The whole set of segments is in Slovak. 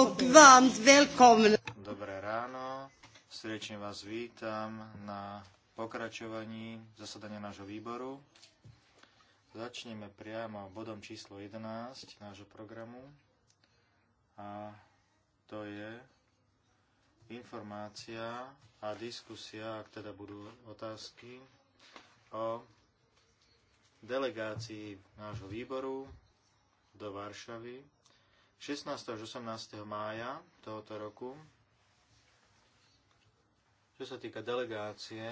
och varmt Dobré ráno, srdečne vás vítam na pokračovaní zasadania nášho výboru. Začneme priamo bodom číslo 11 nášho programu a to je informácia a diskusia, ak teda budú otázky, o delegácii nášho výboru do Varšavy 16. až 18. mája tohoto roku, čo sa týka delegácie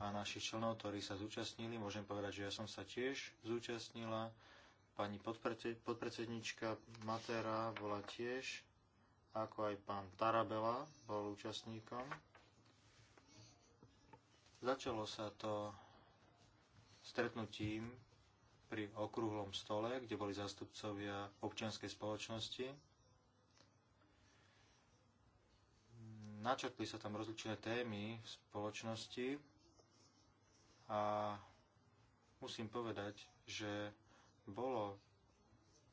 a našich členov, ktorí sa zúčastnili, môžem povedať, že ja som sa tiež zúčastnila. Pani podpredsednička Matera bola tiež, ako aj pán Tarabela bol účastníkom. Začalo sa to stretnutím pri okrúhlom stole, kde boli zástupcovia občianskej spoločnosti. Načrtli sa tam rozličné témy v spoločnosti a musím povedať, že bolo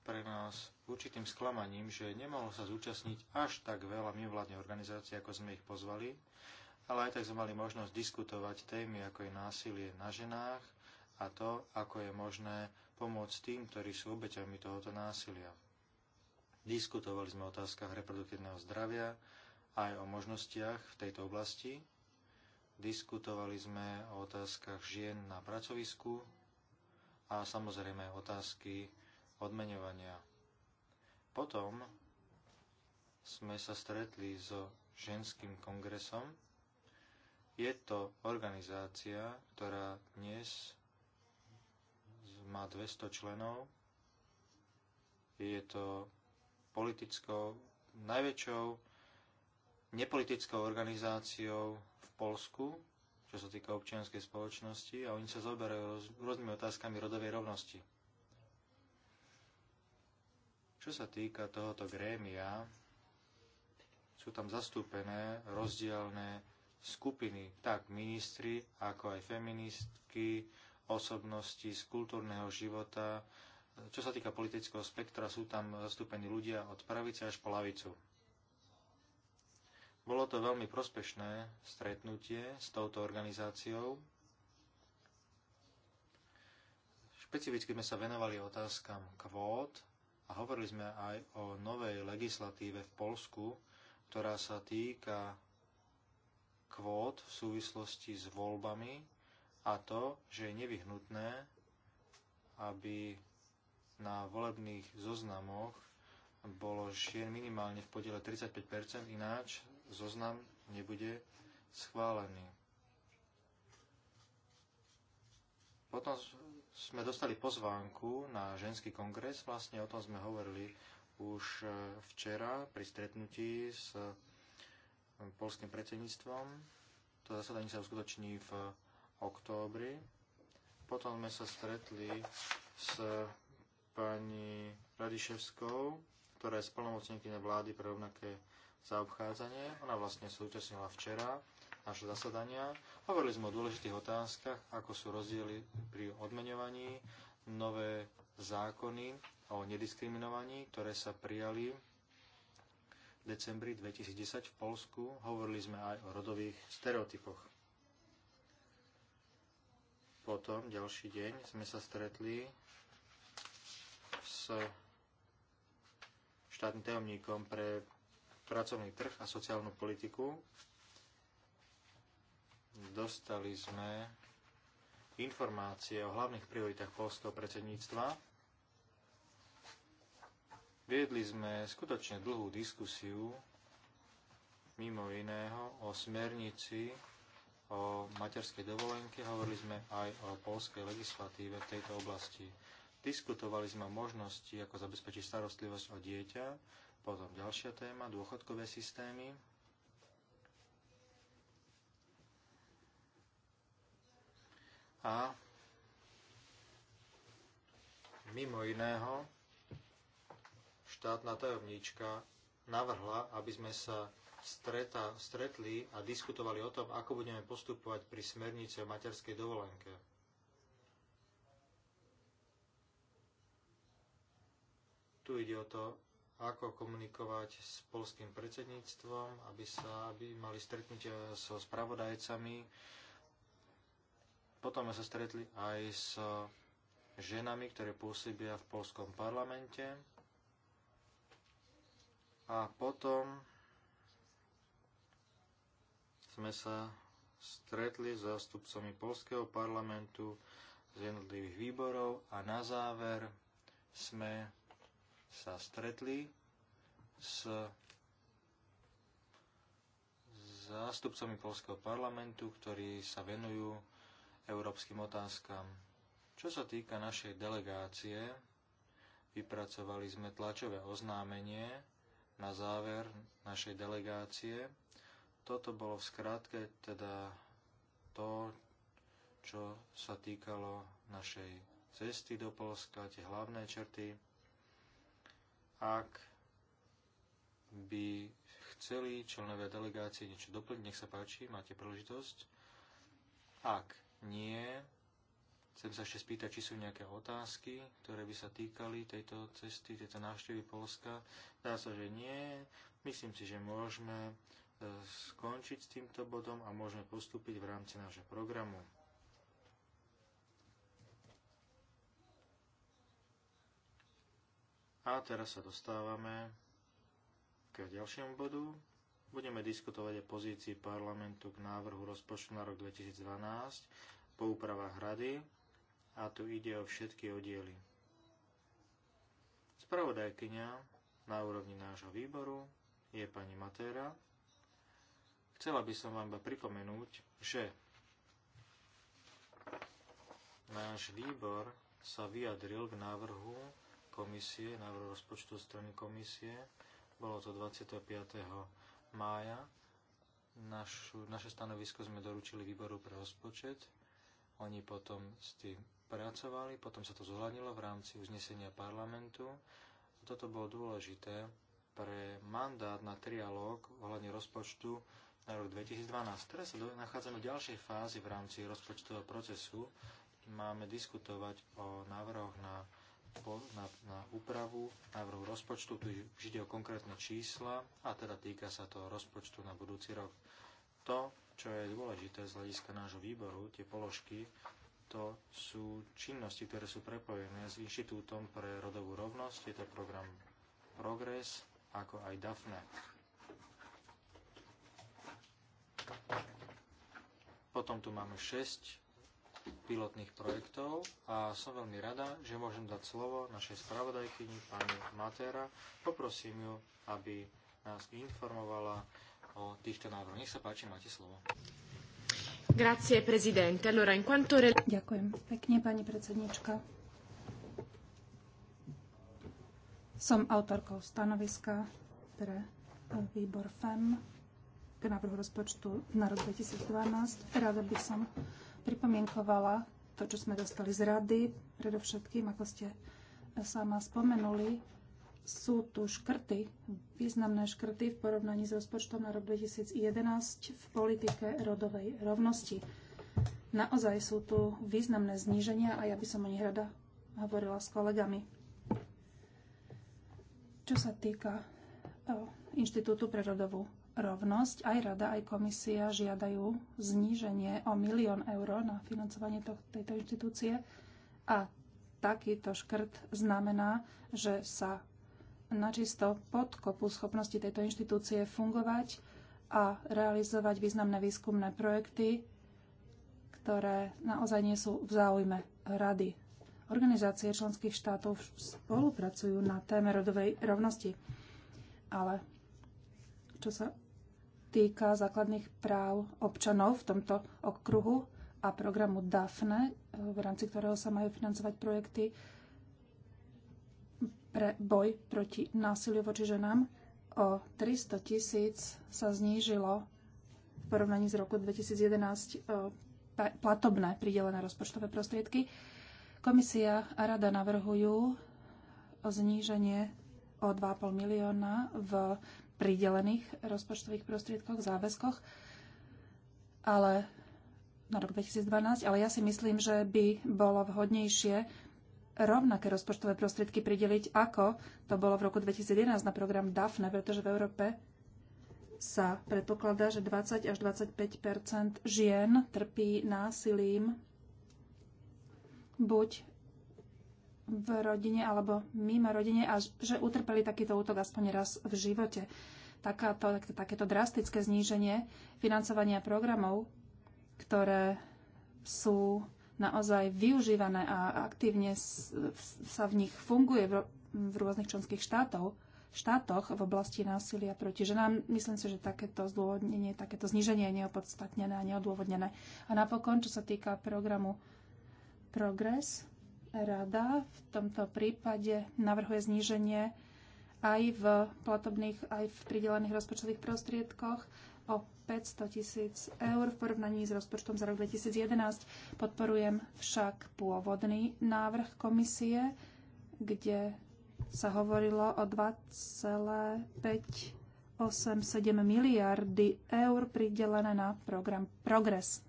pre nás určitým sklamaním, že nemohlo sa zúčastniť až tak veľa mimovládnych organizácií, ako sme ich pozvali, ale aj tak sme mali možnosť diskutovať témy, ako je násilie na ženách, a to, ako je možné pomôcť tým, ktorí sú obeťami tohoto násilia. Diskutovali sme o otázkach reproduktívneho zdravia aj o možnostiach v tejto oblasti. Diskutovali sme o otázkach žien na pracovisku a samozrejme otázky odmeňovania. Potom sme sa stretli so ženským kongresom. Je to organizácia, ktorá dnes má 200 členov. Je to politickou, najväčšou nepolitickou organizáciou v Polsku, čo sa týka občianskej spoločnosti a oni sa zoberajú rôznymi otázkami rodovej rovnosti. Čo sa týka tohoto grémia, sú tam zastúpené rozdielne skupiny, tak ministri, ako aj feministky, osobnosti z kultúrneho života. Čo sa týka politického spektra, sú tam zastúpení ľudia od pravice až po lavicu. Bolo to veľmi prospešné stretnutie s touto organizáciou. Špecificky sme sa venovali otázkam kvót a hovorili sme aj o novej legislatíve v Polsku, ktorá sa týka kvót v súvislosti s voľbami a to, že je nevyhnutné, aby na volebných zoznamoch bolo žien minimálne v podiele 35 ináč zoznam nebude schválený. Potom sme dostali pozvánku na ženský kongres, vlastne o tom sme hovorili už e, včera pri stretnutí s e, polským predsedníctvom. To zasadanie sa uskutoční v októbri. Potom sme sa stretli s pani Radiševskou, ktorá je splnomocníkyňa vlády pre rovnaké zaobchádzanie. Ona vlastne súčasnila včera naše zasadania. Hovorili sme o dôležitých otázkach, ako sú rozdiely pri odmeňovaní, nové zákony o nediskriminovaní, ktoré sa prijali v decembri 2010 v Polsku. Hovorili sme aj o rodových stereotypoch. Potom ďalší deň sme sa stretli s štátnym tajomníkom pre pracovný trh a sociálnu politiku. Dostali sme informácie o hlavných prioritách polského predsedníctva. Viedli sme skutočne dlhú diskusiu, mimo iného, o smernici o materskej dovolenke, hovorili sme aj o polskej legislatíve v tejto oblasti. Diskutovali sme o možnosti, ako zabezpečiť starostlivosť o dieťa, potom ďalšia téma, dôchodkové systémy. A mimo iného štátna tajomníčka navrhla, aby sme sa streta, stretli a diskutovali o tom, ako budeme postupovať pri smernici o materskej dovolenke. Tu ide o to, ako komunikovať s polským predsedníctvom, aby sa aby mali stretnutia so spravodajcami. Potom sme sa stretli aj s ženami, ktoré pôsobia v polskom parlamente. A potom sme sa stretli s zástupcami Polského parlamentu z jednotlivých výborov a na záver sme sa stretli s zástupcami Polského parlamentu, ktorí sa venujú európskym otázkam. Čo sa týka našej delegácie, vypracovali sme tlačové oznámenie na záver našej delegácie toto bolo v skratke teda to, čo sa týkalo našej cesty do Polska, tie hlavné črty. Ak by chceli členové delegácie niečo doplniť, nech sa páči, máte príležitosť. Ak nie, chcem sa ešte spýtať, či sú nejaké otázky, ktoré by sa týkali tejto cesty, tejto návštevy Polska. Dá sa, že nie. Myslím si, že môžeme skončiť s týmto bodom a môžeme postúpiť v rámci nášho programu. A teraz sa dostávame k ďalšiemu bodu. Budeme diskutovať o pozícii parlamentu k návrhu rozpočtu na rok 2012 po úpravách rady a tu ide o všetky oddiely. Spravodajkyňa na úrovni nášho výboru je pani Matera, Chcela by som vám iba pripomenúť, že náš výbor sa vyjadril k návrhu komisie, návrhu rozpočtu strany komisie. Bolo to 25. mája. Našu, naše stanovisko sme doručili výboru pre rozpočet. Oni potom s tým pracovali, potom sa to zohľadnilo v rámci uznesenia parlamentu. Toto bolo dôležité pre mandát na trialóg ohľadne rozpočtu na rok 2012. Teraz sa nachádzame v ďalšej fázi v rámci rozpočtového procesu. Máme diskutovať o návrhoch na, na, na úpravu návrhu rozpočtu, tu ide o konkrétne čísla a teda týka sa to rozpočtu na budúci rok. To, čo je dôležité z hľadiska nášho výboru, tie položky, to sú činnosti, ktoré sú prepojené s Inštitútom pre rodovú rovnosť, je to program Progress, ako aj DAFNE. Potom tu máme 6 pilotných projektov a som veľmi rada, že môžem dať slovo našej spravodajkyni pani Matera. Poprosím ju, aby nás informovala o týchto návrhoch. Nech sa páči, máte slovo. Grazie, prezidente. Allora, in quanto... Ďakujem pekne, pani predsednička. Som autorkou stanoviska pre výbor FEM k návrhu rozpočtu na rok 2012. Rada by som pripomienkovala to, čo sme dostali z rady. Predovšetkým, ako ste e, sama spomenuli, sú tu škrty, významné škrty v porovnaní s rozpočtom na rok 2011 v politike rodovej rovnosti. Naozaj sú tu významné zníženia a ja by som o nich rada hovorila s kolegami. Čo sa týka e, Inštitútu pre rodovú rovnosť. Aj rada, aj komisia žiadajú zníženie o milión eur na financovanie to, tejto inštitúcie a takýto škrt znamená, že sa načisto podkopú schopnosti tejto inštitúcie fungovať a realizovať významné výskumné projekty, ktoré naozaj nie sú v záujme rady. Organizácie členských štátov spolupracujú na téme rodovej rovnosti, ale čo sa týka základných práv občanov v tomto okruhu a programu DAFNE, v rámci ktorého sa majú financovať projekty pre boj proti násiliu voči ženám. O 300 tisíc sa znížilo v porovnaní z roku 2011 platobné pridelené rozpočtové prostriedky. Komisia a rada navrhujú zníženie o 2,5 milióna v pridelených rozpočtových prostriedkoch, záväzkoch, ale na rok 2012, ale ja si myslím, že by bolo vhodnejšie rovnaké rozpočtové prostriedky prideliť, ako to bolo v roku 2011 na program DAFNE, pretože v Európe sa predpokladá, že 20 až 25 žien trpí násilím buď v rodine alebo mimo rodine a že utrpeli takýto útok aspoň raz v živote. Takáto, tak, takéto drastické zníženie financovania programov, ktoré sú naozaj využívané a aktívne sa v nich funguje v, v rôznych členských štátov, štátoch v oblasti násilia proti ženám. Myslím si, že takéto zdôvodnenie, takéto zníženie je neopodstatnené a neodôvodnené. A napokon, čo sa týka programu Progress, Rada v tomto prípade navrhuje zníženie aj v platobných, aj v pridelených rozpočtových prostriedkoch o 500 tisíc eur v porovnaní s rozpočtom za rok 2011. Podporujem však pôvodný návrh komisie, kde sa hovorilo o 2,587 miliardy eur pridelené na program Progress.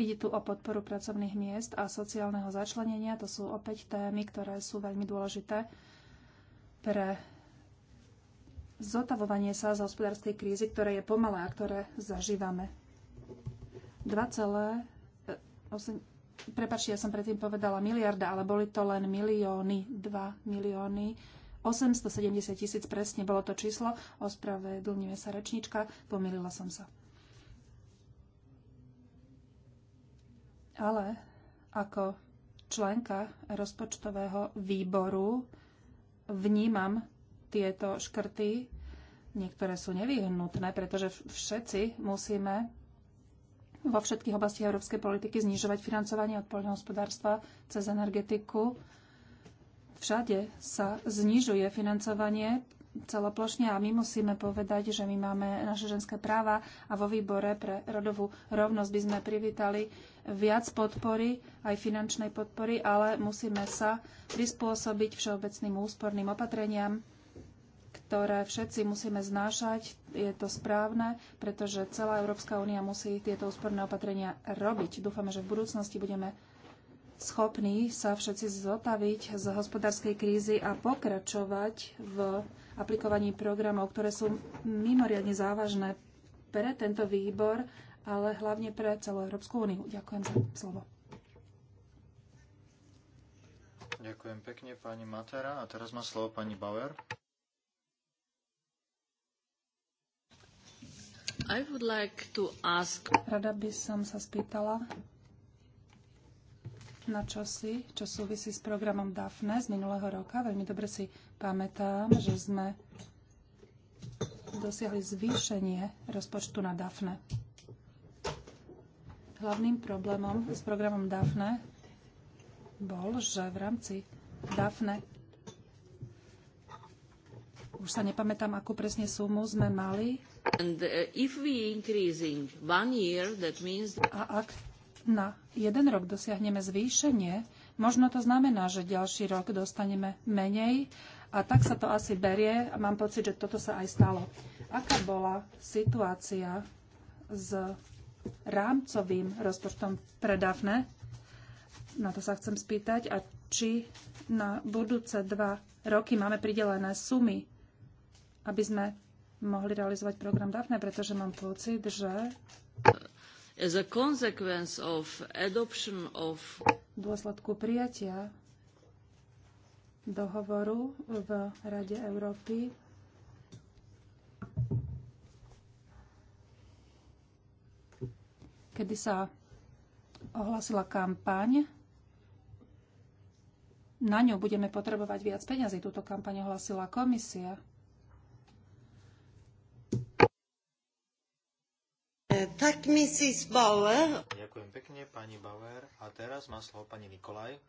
Ide tu o podporu pracovných miest a sociálneho začlenenia. To sú opäť témy, ktoré sú veľmi dôležité pre zotavovanie sa z hospodárskej krízy, ktoré je pomalé a ktoré zažívame. 2,8 e, Prepačte, ja som predtým povedala miliarda, ale boli to len milióny, 2 milióny. 870 tisíc presne bolo to číslo. Ospravedlňuje sa rečnička, pomýlila som sa. ale ako členka rozpočtového výboru vnímam tieto škrty. Niektoré sú nevyhnutné, pretože všetci musíme vo všetkých oblastiach európskej politiky znižovať financovanie od poľnohospodárstva cez energetiku. Všade sa znižuje financovanie celoplošne a my musíme povedať, že my máme naše ženské práva a vo výbore pre rodovú rovnosť by sme privítali viac podpory, aj finančnej podpory, ale musíme sa prispôsobiť všeobecným úsporným opatreniam, ktoré všetci musíme znášať. Je to správne, pretože celá Európska únia musí tieto úsporné opatrenia robiť. Dúfame, že v budúcnosti budeme schopní sa všetci zotaviť z hospodárskej krízy a pokračovať v aplikovaní programov, ktoré sú mimoriadne závažné pre tento výbor ale hlavne pre celú Európsku úniu. Ďakujem za slovo. Ďakujem pekne pani Matera a teraz má slovo pani Bauer. I would like to ask... Rada by som sa spýtala na čosi, čo súvisí s programom DAFNE z minulého roka. Veľmi dobre si pamätám, že sme dosiahli zvýšenie rozpočtu na DAFNE. Hlavným problémom s programom DAFNE bol, že v rámci DAFNE už sa nepamätám, akú presne sumu sme mali. Eh, year, means... A ak na jeden rok dosiahneme zvýšenie, možno to znamená, že ďalší rok dostaneme menej a tak sa to asi berie a mám pocit, že toto sa aj stalo. Aká bola situácia s rámcovým rozpočtom pre Dafne. Na to sa chcem spýtať. A či na budúce dva roky máme pridelené sumy, aby sme mohli realizovať program Dafne, pretože mám pocit, že as a consequence of adoption of dôsledku prijatia dohovoru v Rade Európy kedy sa ohlasila kampaň. Na ňu budeme potrebovať viac peňazí. Túto kampaň ohlasila komisia. Tak, Mrs. Bauer. Ďakujem pekne, pani Bauer. A teraz má slovo pani Nikolaj.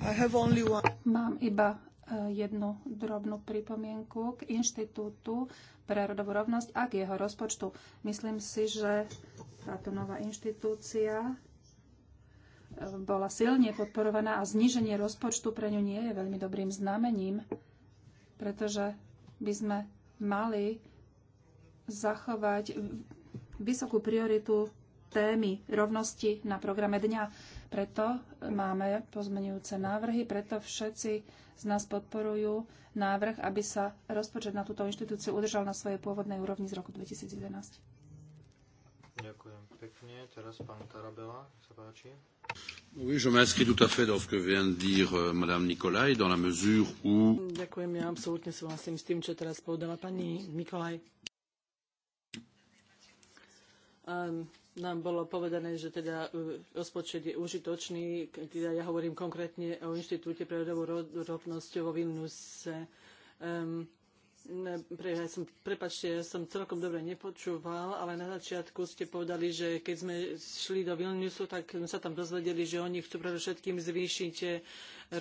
I have only one. Mám iba e, jednu drobnú pripomienku k Inštitútu pre rodovú rovnosť a k jeho rozpočtu. Myslím si, že táto nová inštitúcia e, bola silne podporovaná a zníženie rozpočtu pre ňu nie je veľmi dobrým znamením, pretože by sme mali zachovať vysokú prioritu témy rovnosti na programe dňa. Preto máme pozmenujúce návrhy, preto všetci z nás podporujú návrh, aby sa rozpočet na túto inštitúciu udržal na svojej pôvodnej úrovni z roku 2011. Ďakujem pekne. Teraz pán Tarabela, sa páči. Oui, je m'inscris tout à fait dans ce que vient de dire euh, Madame Nikolaj, dans la mesure où... Ďakujem, ja absolútne súhlasím s tým, čo teraz povedala pani Nikolaj. Um, nám bolo povedané, že teda e, rozpočet je užitočný. Teda ja hovorím konkrétne o Inštitúte pre rodovú rovnosť vo Vilniuse. Um, pre, ja som, prepačte, ja som celkom dobre nepočúval, ale na začiatku ste povedali, že keď sme šli do Vilniusu, tak sme sa tam dozvedeli, že oni chcú predovšetkým zvýšiť eh,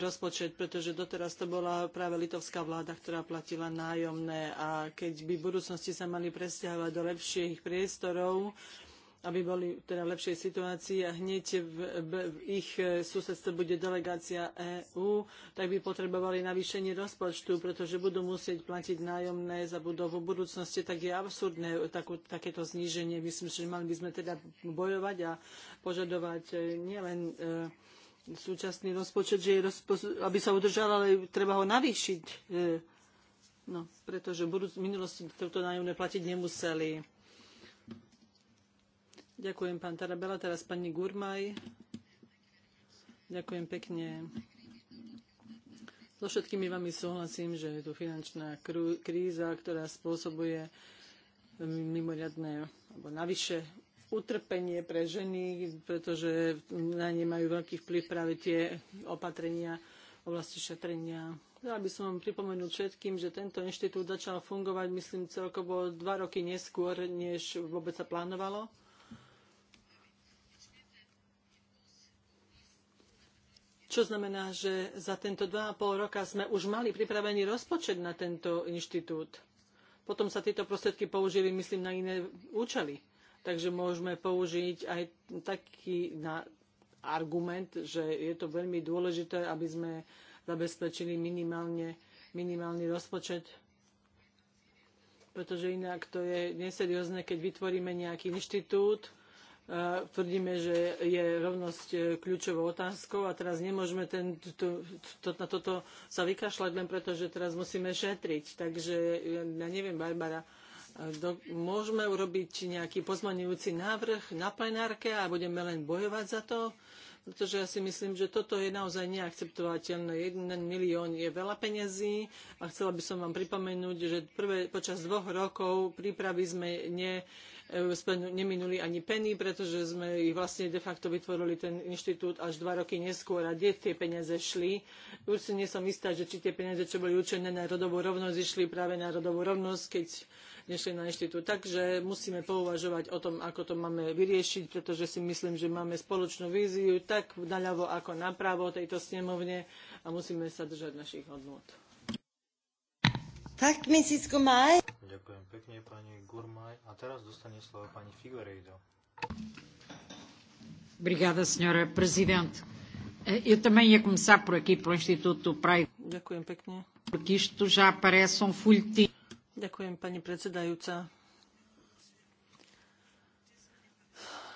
rozpočet, pretože doteraz to bola práve litovská vláda, ktorá platila nájomné a keď by v budúcnosti sa mali presťahovať do lepších priestorov, aby boli teda v lepšej situácii a hneď v, v, v ich eh, susedstve bude delegácia EÚ, tak by potrebovali navýšenie rozpočtu, pretože budú musieť platiť nájomné za budovu v budúcnosti, tak je absurdné takú, takéto zníženie. Myslím, že mali by sme teda bojovať a požadovať eh, nielen e, súčasný rozpočet, že je rozpo- aby sa udržal, ale treba ho navýšiť. E, no, pretože v minulosti toto nájomné platiť nemuseli. Ďakujem, pán Tarabela. Teraz pani Gurmaj. Ďakujem pekne. So všetkými vami súhlasím, že je tu finančná kríza, ktorá spôsobuje mimoriadné alebo navyše utrpenie pre ženy, pretože na ne majú veľký vplyv práve tie opatrenia v oblasti šetrenia. Ja by som vám pripomenul všetkým, že tento inštitút začal fungovať, myslím, celkovo dva roky neskôr, než vôbec sa plánovalo čo znamená, že za tento 2,5 roka sme už mali pripravený rozpočet na tento inštitút. Potom sa tieto prostriedky použili, myslím, na iné účely. Takže môžeme použiť aj taký na argument, že je to veľmi dôležité, aby sme zabezpečili minimálne, minimálny rozpočet pretože inak to je neseriózne, keď vytvoríme nejaký inštitút, tvrdíme, že je rovnosť e, kľúčovou otázkou a teraz nemôžeme ten, to, to, na toto sa vykašľať len preto, že teraz musíme šetriť. Takže ja neviem, Barbara, e, do, môžeme urobiť nejaký pozmaňujúci návrh na plenárke a budeme len bojovať za to? pretože ja si myslím, že toto je naozaj neakceptovateľné. Jeden milión je veľa peňazí a chcela by som vám pripomenúť, že prvé, počas dvoch rokov prípravy sme ne, E, sme neminuli ani peny, pretože sme ich vlastne de facto vytvorili ten inštitút až dva roky neskôr. A kde tie peniaze šli? si nie som istá, že či tie peniaze, čo boli určené na rodovú rovnosť, išli práve na rodovú rovnosť, keď nešli na inštitút. Takže musíme pouvažovať o tom, ako to máme vyriešiť, pretože si myslím, že máme spoločnú víziu tak naľavo ako napravo tejto snemovne a musíme sa držať našich hodnôt. Tak, Mrs. Gurmaj. Ďakujem pekne, pani Gurmaj. A teraz dostane slovo pani Figueiredo. Obrigada, senhora prezident. Eu também ia começar por aqui, pelo Instituto Praia. Ďakujem pekne. Porque isto já parece um folhetim. Ďakujem, pani predsedajúca.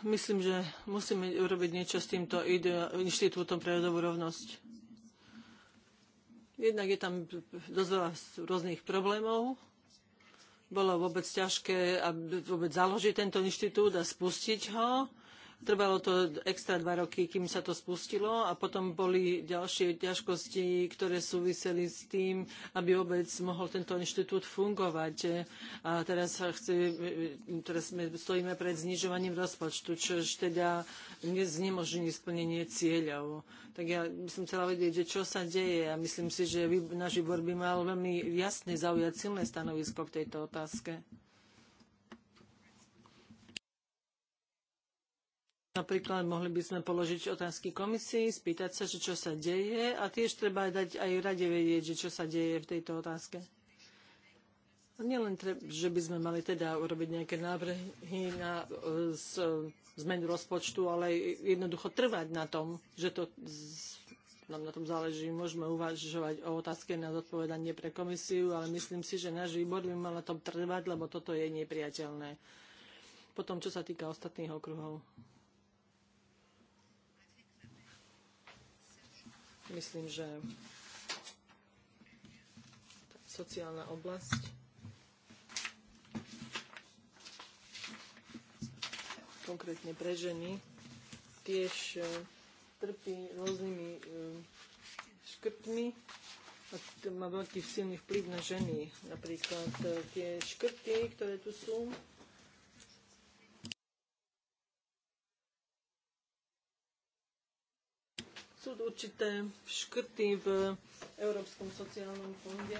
Myslím, že musíme urobiť niečo s týmto inštitútom pre rodovú rovnosť. Jednak je tam dosť veľa rôznych problémov. Bolo vôbec ťažké vôbec založiť tento inštitút a spustiť ho Trvalo to extra dva roky, kým sa to spustilo a potom boli ďalšie ťažkosti, ktoré súviseli s tým, aby vôbec mohol tento inštitút fungovať. A teraz, sa chce, teraz sme, stojíme pred znižovaním rozpočtu, čo teda znemožní splnenie cieľov. Tak ja by som chcela vedieť, že čo sa deje a myslím si, že náš výbor by mal veľmi jasne zaujať silné stanovisko k tejto otázke. Napríklad mohli by sme položiť otázky komisii, spýtať sa, že čo sa deje a tiež treba dať aj rade vedieť, že čo sa deje v tejto otázke. Nielen, že by sme mali teda urobiť nejaké návrhy na z, e, e, zmenu rozpočtu, ale jednoducho trvať na tom, že to nám na tom záleží. Môžeme uvažovať o otázke na zodpovedanie pre komisiu, ale myslím si, že náš výbor by mal na tom trvať, lebo toto je nepriateľné. Potom, čo sa týka ostatných okruhov. Myslím, že sociálna oblasť konkrétne pre ženy tiež e, trpí rôznymi e, škrtmi a má veľký silný vplyv na ženy. Napríklad e, tie škrty, ktoré tu sú, sú určité škrty v Európskom sociálnom fonde,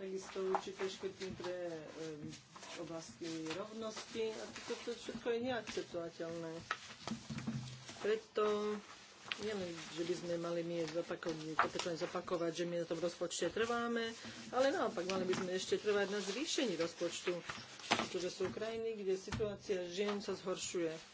takisto určité škrty pre um, oblasti rovnosti a toto všetko je neakceptovateľné. Preto nielen, že by sme mali my zopakovať, zopakovať, že my na tom rozpočte trváme, ale naopak mali by sme ešte trvať na zvýšení rozpočtu, pretože sú krajiny, kde situácia žien sa zhoršuje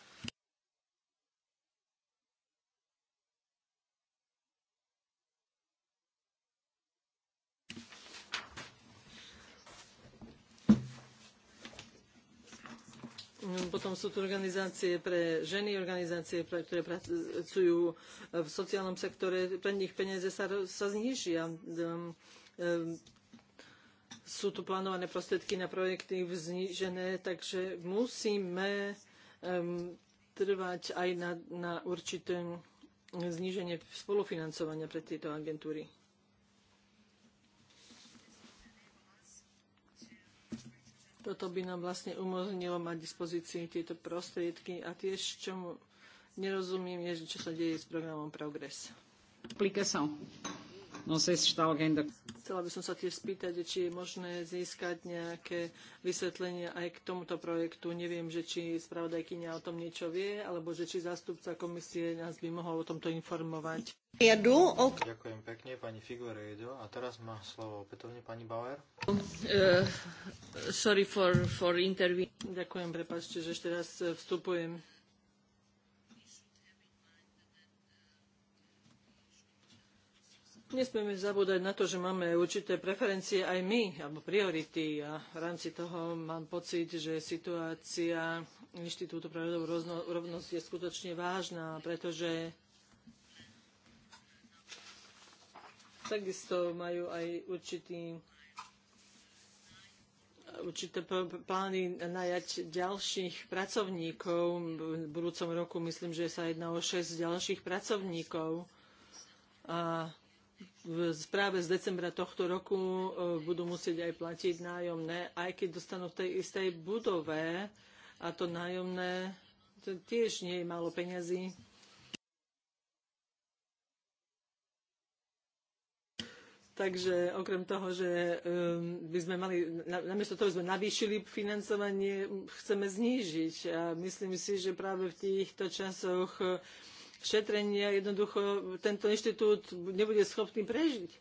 Potom sú tu organizácie pre ženy, organizácie, pre, ktoré pracujú v sociálnom sektore. Pre nich peniaze sa, sa znižia. Hm, hm, sú tu plánované prostriedky na projekty vznižené, takže musíme hm, trvať aj na, na určité zníženie spolufinancovania pre tieto agentúry. Toto by nám vlastne umožnilo mať dispozícii tieto prostriedky a tiež, čo nerozumiem, je, čo sa deje s programom Progress. Aplicação. Não sei se está alguém da... Chcela by som sa tiež spýtať, či je možné získať nejaké vysvetlenie aj k tomuto projektu. Neviem, že či spravodajkynia o tom niečo vie, alebo že či zástupca komisie nás by mohol o tomto informovať. Ďakujem pekne, pani Figuere Figueredo. A teraz má slovo opätovne pani Bauer. Uh, sorry for, for interview. Ďakujem, prepáčte, že ešte raz vstupujem. Nesmieme zabúdať na to, že máme určité preferencie aj my, alebo priority. A v rámci toho mám pocit, že situácia Inštitútu pre rodovú rovnosť je skutočne vážna, pretože takisto majú aj určitý určité plány najať ďalších pracovníkov. V budúcom roku myslím, že sa jedná o 6 ďalších pracovníkov. A v správe z decembra tohto roku e, budú musieť aj platiť nájomné, aj keď dostanú v tej istej budove a to nájomné to tiež nie je málo peňazí. Takže okrem toho, že e, by sme mali, namiesto toho že sme navýšili financovanie, chceme znížiť. A myslím si, že práve v týchto časoch šetrenia, jednoducho tento inštitút nebude schopný prežiť.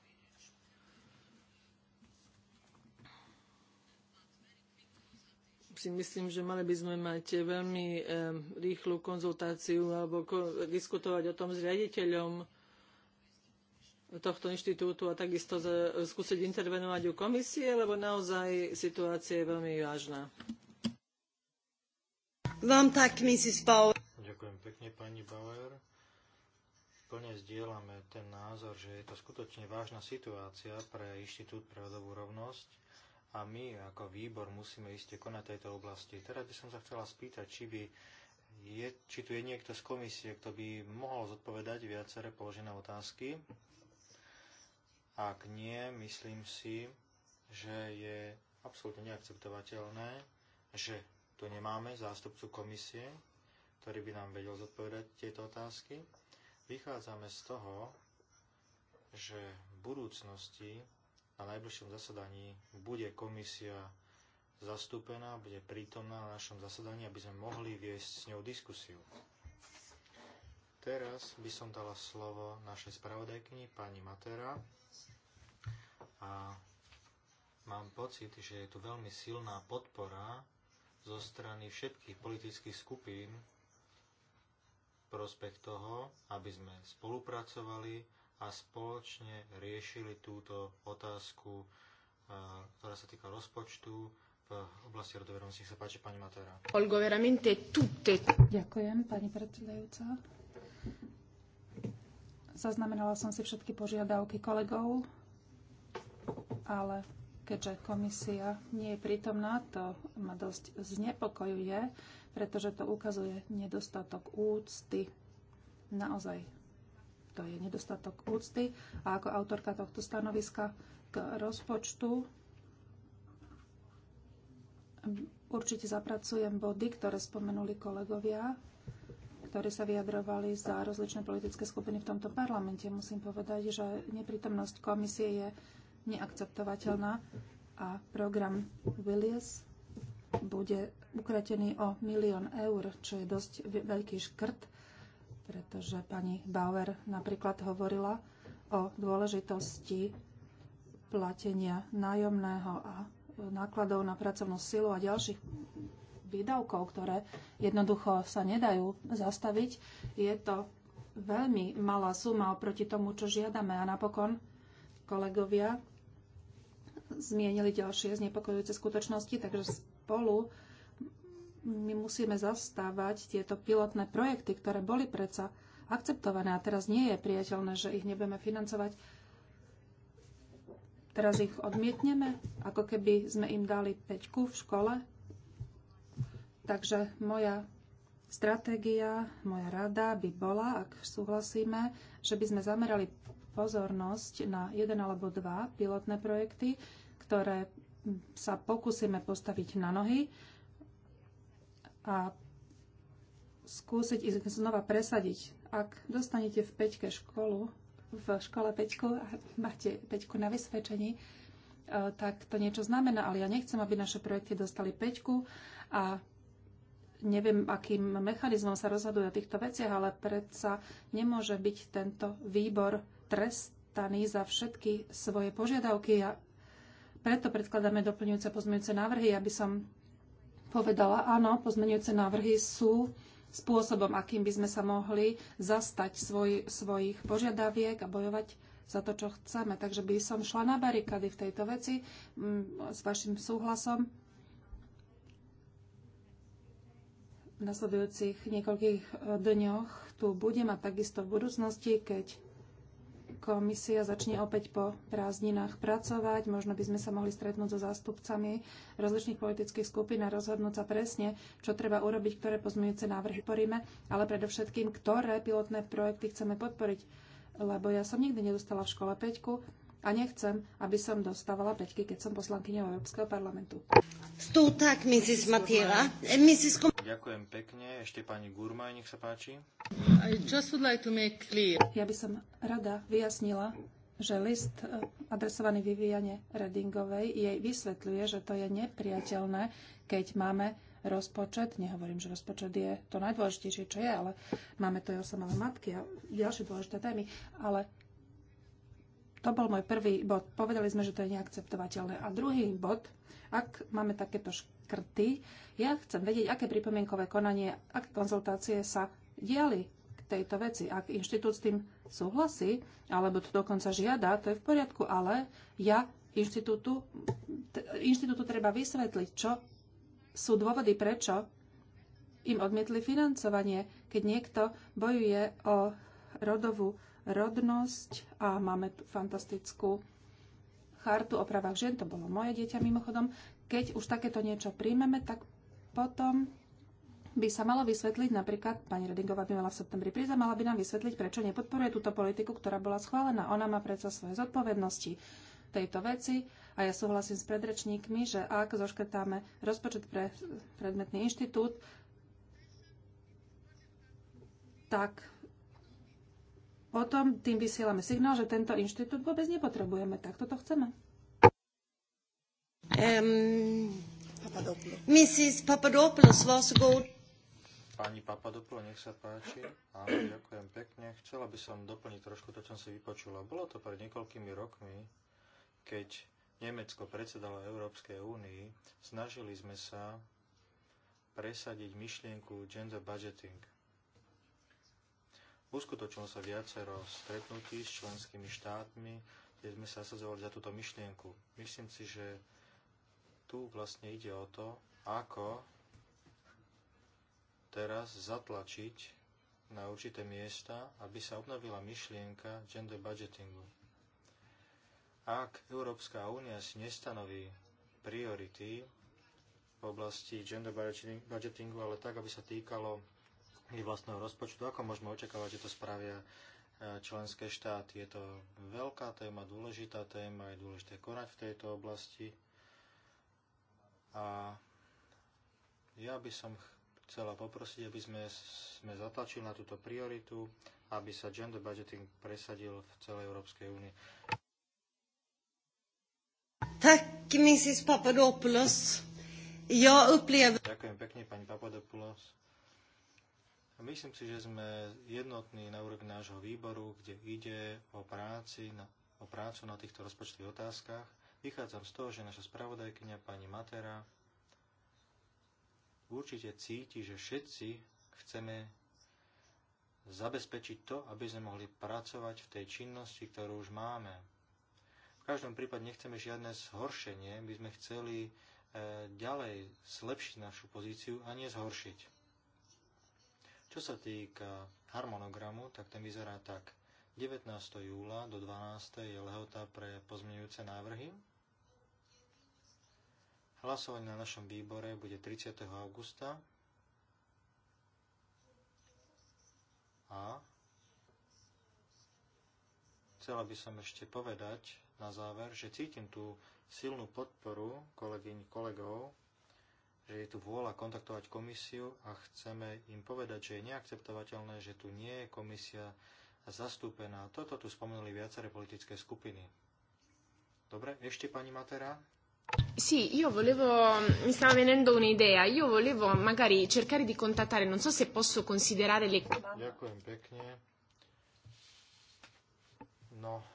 si myslím, že mali by sme mať veľmi rýchlu konzultáciu alebo diskutovať o tom s riaditeľom tohto inštitútu a takisto skúsiť intervenovať u komisie, lebo naozaj situácia je veľmi vážna. Vám tak, Mrs. Bauer. Ďakujem pekne, pani Bauer plne zdieľame ten názor, že je to skutočne vážna situácia pre Inštitút pre rodovú rovnosť a my ako výbor musíme iste konať tejto oblasti. Teraz by som sa chcela spýtať, či, by je, či tu je niekto z komisie, kto by mohol zodpovedať viaceré položené otázky. Ak nie, myslím si, že je absolútne neakceptovateľné, že tu nemáme zástupcu komisie, ktorý by nám vedel zodpovedať tieto otázky. Vychádzame z toho, že v budúcnosti na najbližšom zasadaní bude komisia zastúpená, bude prítomná na našom zasadaní, aby sme mohli viesť s ňou diskusiu. Teraz by som dala slovo našej spravodajkyni, pani Matera. A mám pocit, že je tu veľmi silná podpora zo strany všetkých politických skupín prospech toho, aby sme spolupracovali a spoločne riešili túto otázku, eh, ktorá sa týka rozpočtu v oblasti rodovej Nech sa páči, pani Matera. Olgo, veramente tutte. Ďakujem, pani predsedajúca. Zaznamenala som si všetky požiadavky kolegov, ale keďže komisia nie je prítomná, to ma dosť znepokojuje pretože to ukazuje nedostatok úcty. Naozaj, to je nedostatok úcty. A ako autorka tohto stanoviska k rozpočtu určite zapracujem body, ktoré spomenuli kolegovia, ktorí sa vyjadrovali za rozličné politické skupiny v tomto parlamente. Musím povedať, že neprítomnosť komisie je neakceptovateľná a program Willis bude ukretený o milión eur, čo je dosť veľký škrt, pretože pani Bauer napríklad hovorila o dôležitosti platenia nájomného a e, nákladov na pracovnú silu a ďalších výdavkov, ktoré jednoducho sa nedajú zastaviť. Je to veľmi malá suma oproti tomu, čo žiadame. A napokon kolegovia zmienili ďalšie znepokojujúce skutočnosti, takže spolu my musíme zastávať tieto pilotné projekty, ktoré boli predsa akceptované a teraz nie je priateľné, že ich nebudeme financovať. Teraz ich odmietneme, ako keby sme im dali peťku v škole. Takže moja stratégia, moja rada by bola, ak súhlasíme, že by sme zamerali pozornosť na jeden alebo dva pilotné projekty, ktoré sa pokúsime postaviť na nohy a skúsiť ich znova presadiť. Ak dostanete v peťke školu, v škole peťku a máte peťku na vysvedčení, e, tak to niečo znamená, ale ja nechcem, aby naše projekty dostali peťku a neviem, akým mechanizmom sa rozhodujú o týchto veciach, ale predsa nemôže byť tento výbor trestaný za všetky svoje požiadavky. Ja preto predkladáme doplňujúce pozmeňujúce návrhy, ja by som povedala, áno, pozmeňujúce návrhy sú spôsobom, akým by sme sa mohli zastať svoj, svojich požiadaviek a bojovať za to, čo chceme. Takže by som šla na barikady v tejto veci m, mm, s vašim súhlasom. V nasledujúcich niekoľkých eh, dňoch tu budem a takisto v budúcnosti, keď komisia začne opäť po prázdninách pracovať. Možno by sme sa mohli stretnúť so zástupcami rozličných politických skupín a rozhodnúť sa presne, čo treba urobiť, ktoré pozmeňujúce návrhy poríme, ale predovšetkým, ktoré pilotné projekty chceme podporiť. Lebo ja som nikdy nedostala v škole peťku a nechcem, aby som dostávala peťky, keď som poslankyňou Európskeho parlamentu. Mrs. Mrs. Eh, Kom- Ďakujem pekne. Ešte pani Gurmaj, nech sa páči. I just would like to make clear. Ja by som rada vyjasnila, že list eh, adresovaný Viviane Redingovej jej vysvetľuje, že to je nepriateľné, keď máme rozpočet, nehovorím, že rozpočet je to najdôležitejšie, čo je, ale máme to o samalé matky a ďalšie dôležité témy, ale to bol môj prvý bod. Povedali sme, že to je neakceptovateľné. A druhý bod, ak máme takéto škrty, ja chcem vedieť, aké pripomienkové konanie, aké konzultácie sa diali k tejto veci. Ak inštitút s tým súhlasí, alebo to dokonca žiada, to je v poriadku, ale ja inštitútu, inštitútu treba vysvetliť, čo sú dôvody, prečo im odmietli financovanie, keď niekto bojuje o rodovú rodnosť a máme fantastickú chartu o právach žien, to bolo moje dieťa mimochodom. Keď už takéto niečo príjmeme, tak potom by sa malo vysvetliť, napríklad pani Redingová by mala v septembri prísť a mala by nám vysvetliť, prečo nepodporuje túto politiku, ktorá bola schválená. Ona má predsa svoje zodpovednosti tejto veci a ja súhlasím s predrečníkmi, že ak zoškrtáme rozpočet pre predmetný inštitút, tak potom tým vysielame signál, že tento inštitút vôbec nepotrebujeme. Tak toto chceme. Um, Papadopoulos. Mrs. Papadopoulos, vasogod. Pani Papadopoulos, nech sa páči. Áno, ďakujem pekne. Chcela by som doplniť trošku to, čo som si vypočula. Bolo to pred niekoľkými rokmi, keď Nemecko predsedalo Európskej únii, snažili sme sa presadiť myšlienku gender budgeting Uskutočnilo sa viacero stretnutí s členskými štátmi, kde sme sa asadzovali za túto myšlienku. Myslím si, že tu vlastne ide o to, ako teraz zatlačiť na určité miesta, aby sa obnovila myšlienka gender budgetingu. Ak Európska únia si nestanoví priority v oblasti gender budgetingu, ale tak, aby sa týkalo ich vlastného rozpočtu. Ako môžeme očakávať, že to spravia e, členské štáty? Je to veľká téma, dôležitá téma, je dôležité konať v tejto oblasti. A ja by som chcela poprosiť, aby sme, sme zatlačili na túto prioritu, aby sa gender budgeting presadil v celej Európskej únii. Tak, Mrs. Papadopoulos. Ja uplev... Ďakujem pekne, pani Papadopoulos. A myslím si, že sme jednotní na úrovni nášho výboru, kde ide o, práci, na, o prácu na týchto rozpočtových otázkach. Vychádzam z toho, že naša spravodajkynia pani Matera určite cíti, že všetci chceme zabezpečiť to, aby sme mohli pracovať v tej činnosti, ktorú už máme. V každom prípade nechceme žiadne zhoršenie, by sme chceli eh, ďalej zlepšiť našu pozíciu a nie zhoršiť. Čo sa týka harmonogramu, tak ten vyzerá tak. 19. júla do 12. je lehota pre pozmeňujúce návrhy. Hlasovanie na našom výbore bude 30. augusta a chcela by som ešte povedať na záver, že cítim tú silnú podporu kolegyň, kolegov že je tu vôľa kontaktovať komisiu a chceme im povedať, že je neakceptovateľné, že tu nie je komisia zastúpená. Toto tu spomenuli viaceré politické skupiny. Dobre, ešte pani Matera? Sì, io volevo, mi stava venendo un'idea, io volevo magari cercare di contattare, non so se posso considerare le... Grazie, pekne. No,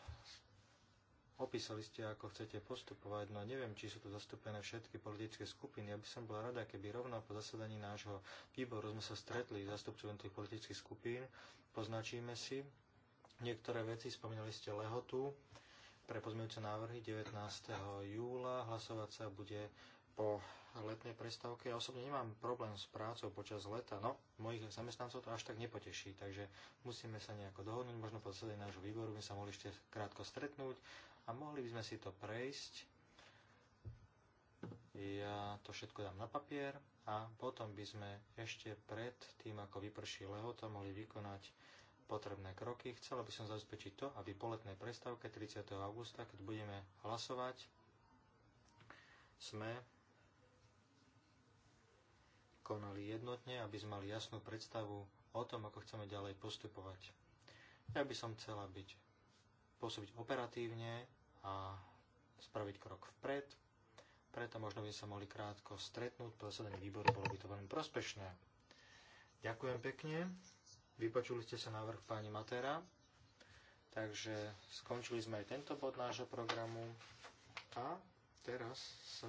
Opísali ste, ako chcete postupovať, no neviem, či sú tu zastúpené všetky politické skupiny. Ja by som bola rada, keby rovno po zasadaní nášho výboru sme sa stretli zastupcovom tých politických skupín, poznačíme si niektoré veci, spomínali ste lehotu pre pozmeňujúce návrhy 19. júla, hlasovať sa bude po letnej prestávke. Ja osobne nemám problém s prácou počas leta, no mojich zamestnancov to až tak nepoteší, takže musíme sa nejako dohodnúť, možno po zasadení nášho výboru by sa mohli ešte krátko stretnúť a mohli by sme si to prejsť. Ja to všetko dám na papier a potom by sme ešte pred tým, ako vyprší lehota, mohli vykonať potrebné kroky. Chcela by som zabezpečiť to, aby po letnej prestávke 30. augusta, keď budeme hlasovať, sme konali jednotne, aby sme mali jasnú predstavu o tom, ako chceme ďalej postupovať. Ja by som chcela byť pôsobiť operatívne a spraviť krok vpred. Preto možno by sa mohli krátko stretnúť, po zasadení výboru bolo by to veľmi prospešné. Ďakujem pekne. Vypočuli ste sa návrh pani Matera. Takže skončili sme aj tento bod nášho programu. A teraz sa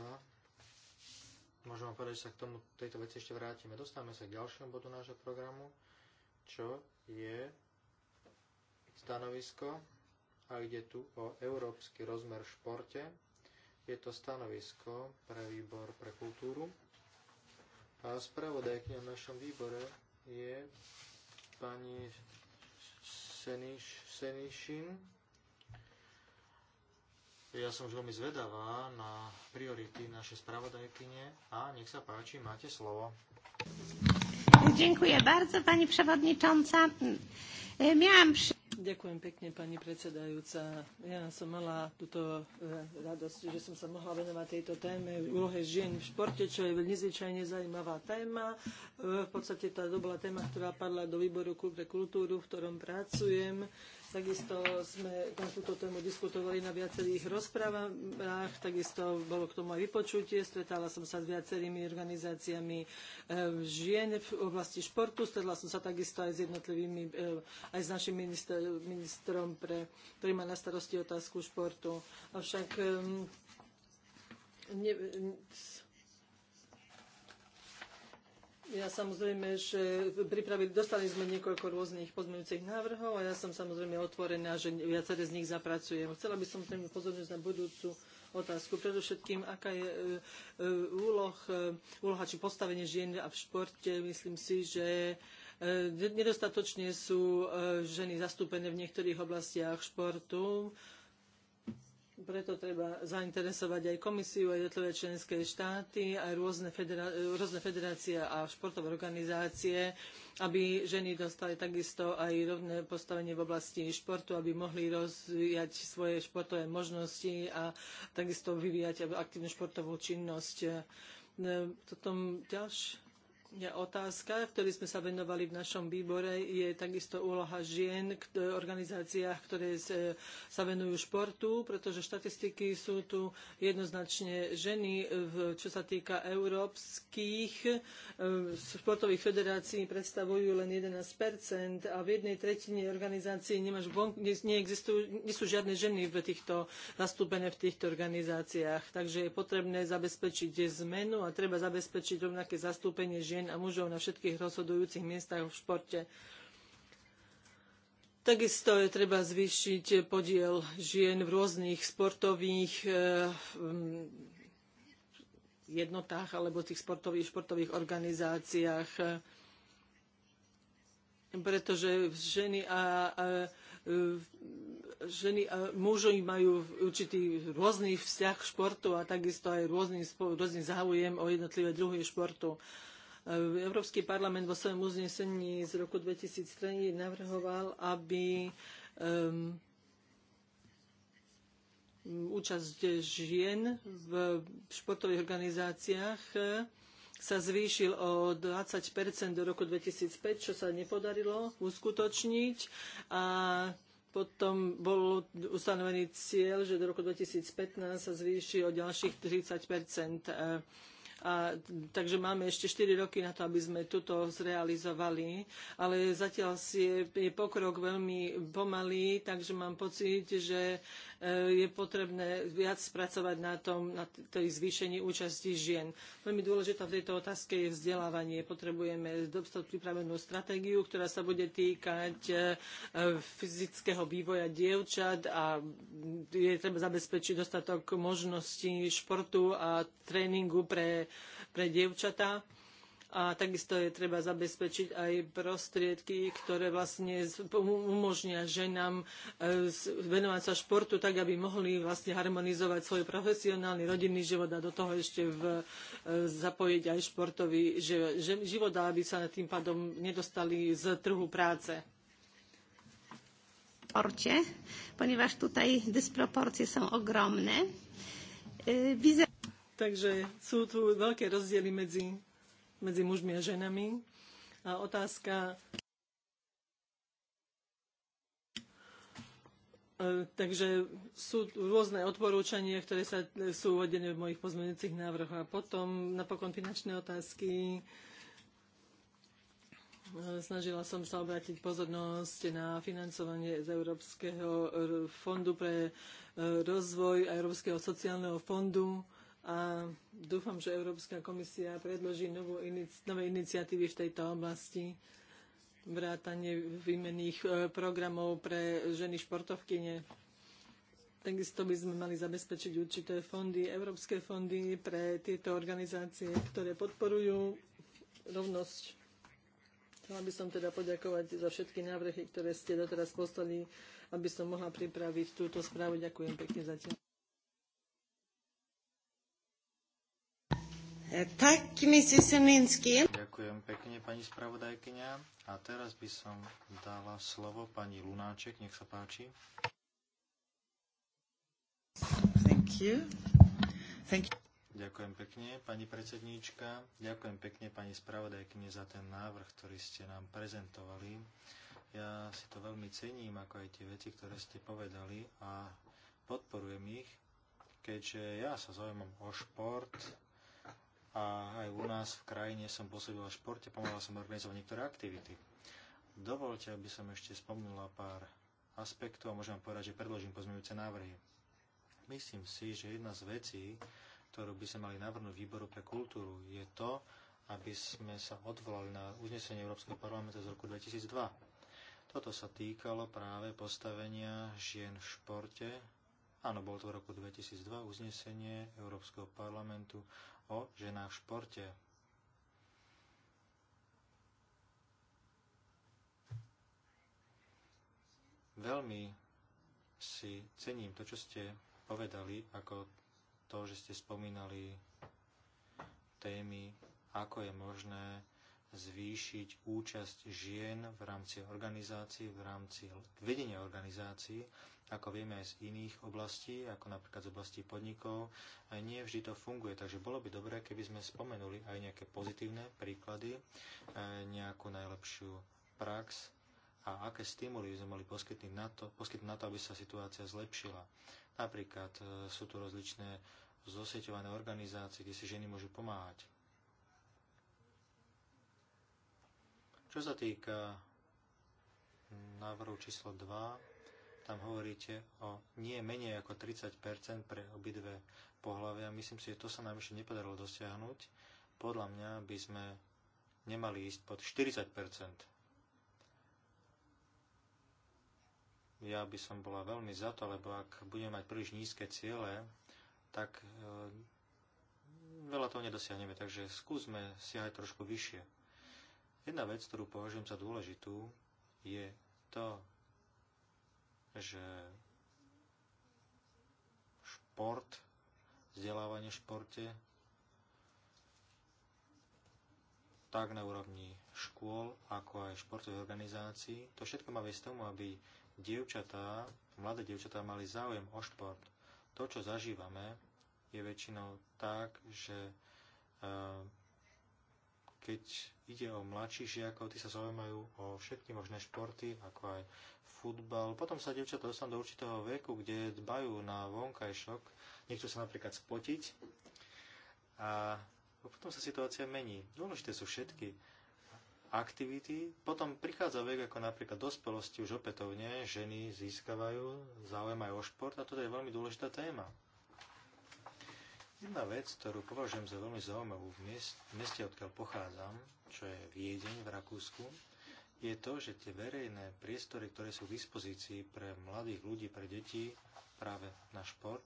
vám povedať, že sa k tomu, tejto veci ešte vrátime. Dostávame sa k ďalšiemu bodu nášho programu, čo je stanovisko a ide tu o európsky rozmer v športe. Je to stanovisko pre výbor pre kultúru. A spravodajkňa v našom výbore je pani Seniš, Senišin. Ja som už veľmi zvedavá na priority naše spravodajkyne a nech sa páči, máte slovo. Dziękuję bardzo Pani Przewodnicząca. Miałam przy... Ďakujem pekne, pani predsedajúca. Ja som mala túto e, radosť, že som sa mohla venovať tejto téme úlohe žien v športe, čo je nezvyčajne zaujímavá téma. E, v podstate tá to bola téma, ktorá padla do výboru pre kultúru, v ktorom pracujem. Takisto sme na túto tému diskutovali na viacerých rozprávach, takisto bolo k tomu aj vypočutie. Stretala som sa s viacerými organizáciami eh, žien v oblasti športu, stretla som sa takisto aj s jednotlivými, eh, aj s našim minister, ministrom, pre, ktorý má na starosti otázku športu. Avšak ehm, ne, ja samozrejme, že pripravili, dostali sme niekoľko rôznych pozmeňujúcich návrhov a ja som samozrejme otvorená, že viaceré z nich zapracujem. Chcela by som tým pozornosť na budúcu otázku. Predovšetkým, aká je e, e, úloh, e, úloha či postavenie žien a v športe. Myslím si, že nedostatočne sú ženy zastúpené v niektorých oblastiach športu. Preto treba zainteresovať aj komisiu, aj jednotlivé členské štáty, aj rôzne, rôzne federácie a športové organizácie, aby ženy dostali takisto aj rovné postavenie v oblasti športu, aby mohli rozvíjať svoje športové možnosti a takisto vyvíjať aktívnu športovú činnosť. E, potom ďalšie otázka, ktorej sme sa venovali v našom výbore, je takisto úloha žien v e, organizáciách, ktoré e, sa venujú športu, pretože štatistiky sú tu jednoznačne ženy, čo sa týka európskych e, športových federácií predstavujú len 11 a v jednej tretine organizácií nemáš neexistujú, nie sú žiadne ženy v týchto, zastúpené v týchto organizáciách. Takže je potrebné zabezpečiť zmenu a treba zabezpečiť rovnaké zastúpenie žien žien a mužov na všetkých rozhodujúcich miestach v športe. Takisto je treba zvýšiť podiel žien v rôznych sportových eh, mm, jednotách alebo tých sportových, športových organizáciách pretože ženy a, a, eh, ženy a muži majú určitý rôzny vzťah k športu a takisto aj rôzny, rôzny záujem o jednotlivé druhy športu. Uh, Európsky parlament vo svojom uznesení z roku 2003 navrhoval, aby um, účasť žien v športových organizáciách sa zvýšil o 20 do roku 2005, čo sa nepodarilo uskutočniť. A potom bol ustanovený cieľ, že do roku 2015 sa zvýši o ďalších 30 a, takže máme ešte 4 roky na to, aby sme toto zrealizovali. Ale zatiaľ si je, je pokrok veľmi pomalý, takže mám pocit, že E, je potrebné viac pracovať na tom, na tej zvýšení účasti žien. Veľmi dôležité v tejto otázke je vzdelávanie. Potrebujeme dostať pripravenú stratégiu, ktorá sa bude týkať e, e, fyzického vývoja dievčat a je treba zabezpečiť dostatok možností športu a tréningu pre, pre dievčatá a takisto je treba zabezpečiť aj prostriedky, ktoré vlastne umožnia ženám e, venovať sa športu tak, aby mohli vlastne harmonizovať svoj profesionálny rodinný život a do toho ešte v, e, zapojiť aj športový život, aby sa tým pádom nedostali z trhu práce ponieważ tutaj dysproporcje są ogromne. E, widzę... Takže sú tu veľké rozdiely medzi medzi mužmi a ženami. A otázka e, Takže sú rôzne odporúčania, ktoré sa, e, sú uvedené v mojich pozmeňujúcich návrhoch. A potom napokon finančné otázky. E, snažila som sa obrátiť pozornosť na financovanie z Európskeho fondu pre rozvoj a Európskeho sociálneho fondu a dúfam, že Európska komisia predloží novú nové iniciatívy v tejto oblasti vrátanie výmenných e, programov pre ženy športovkyne. Takisto by sme mali zabezpečiť určité fondy, európske fondy pre tieto organizácie, ktoré podporujú rovnosť. Chcela by som teda poďakovať za všetky návrhy, ktoré ste doteraz poslali, aby som mohla pripraviť túto správu. Ďakujem pekne zatiaľ. Eh, tak, Mrs. Ďakujem pekne, pani spravodajkyňa. A teraz by som dala slovo pani Lunáček, nech sa páči. Thank you. Thank you. Ďakujem pekne, pani predsedníčka. Ďakujem pekne, pani spravodajkyne, za ten návrh, ktorý ste nám prezentovali. Ja si to veľmi cením, ako aj tie veci, ktoré ste povedali a podporujem ich, keďže ja sa zaujímam o šport, a aj u nás v krajine som pôsobila v športe, pomáhala som organizovať niektoré aktivity. Dovolte, aby som ešte spomenula pár aspektov a môžem vám povedať, že predložím pozmeňujúce návrhy. Myslím si, že jedna z vecí, ktorú by sme mali navrhnúť výboru pre kultúru, je to, aby sme sa odvolali na uznesenie Európskeho parlamentu z roku 2002. Toto sa týkalo práve postavenia žien v športe. Áno, bol to v roku 2002 uznesenie Európskeho parlamentu o ženách v športe. Veľmi si cením to, čo ste povedali, ako to, že ste spomínali témy, ako je možné zvýšiť účasť žien v rámci organizácií, v rámci vedenia organizácií ako vieme aj z iných oblastí, ako napríklad z oblasti podnikov, aj nie vždy to funguje. Takže bolo by dobré, keby sme spomenuli aj nejaké pozitívne príklady, e, nejakú najlepšiu prax a aké stimuly by sme mali poskytnúť na to, poskytnúť na to aby sa situácia zlepšila. Napríklad e, sú tu rozličné zosieťované organizácie, kde si ženy môžu pomáhať. Čo sa týka návrhu číslo 2, tam hovoríte o nie menej ako 30 pre obidve pohľavia. Myslím si, že to sa nám ešte nepodarilo dosiahnuť. Podľa mňa by sme nemali ísť pod 40 Ja by som bola veľmi za to, lebo ak budeme mať príliš nízke ciele, tak e, veľa toho nedosiahneme. Takže skúsme siahať trošku vyššie. Jedna vec, ktorú považujem za dôležitú, je to, že šport, vzdelávanie v športe, tak na úrovni škôl, ako aj športových organizácií. To všetko má viesť tomu, aby dievčatá, mladé dievčatá mali záujem o šport. To, čo zažívame, je väčšinou tak, že e, keď ide o mladších žiakov, tí sa zaujímajú o všetky možné športy, ako aj futbal. Potom sa devčatá dostanú do určitého veku, kde dbajú na vonkajšok, nechcú sa napríklad spotiť a potom sa situácia mení. Dôležité sú všetky aktivity. Potom prichádza vek ako napríklad dospelosti už opätovne, ženy získavajú, zaujímajú o šport a toto je veľmi dôležitá téma. Jedna vec, ktorú považujem za veľmi zaujímavú v meste, odkiaľ pochádzam, čo je Viedeň v Rakúsku, je to, že tie verejné priestory, ktoré sú k dispozícii pre mladých ľudí, pre detí, práve na šport,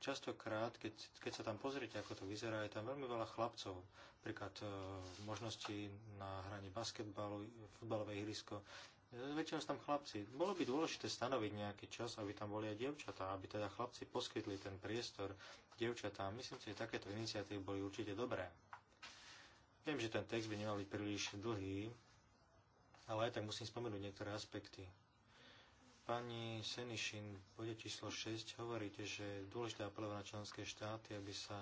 častokrát, keď, keď sa tam pozriete, ako to vyzerá, je tam veľmi veľa chlapcov. Napríklad e, možnosti na hraní basketbalu, futbalové ihrisko, väčšinou sú tam chlapci. Bolo by dôležité stanoviť nejaký čas, aby tam boli aj dievčatá, aby teda chlapci poskytli ten priestor dievčatám. Myslím si, že takéto iniciatívy boli určite dobré. Viem, že ten text by nemal byť príliš dlhý, ale aj tak musím spomenúť niektoré aspekty. Pani Senišin, bode číslo 6, hovoríte, že je dôležité apelovať na členské štáty, aby sa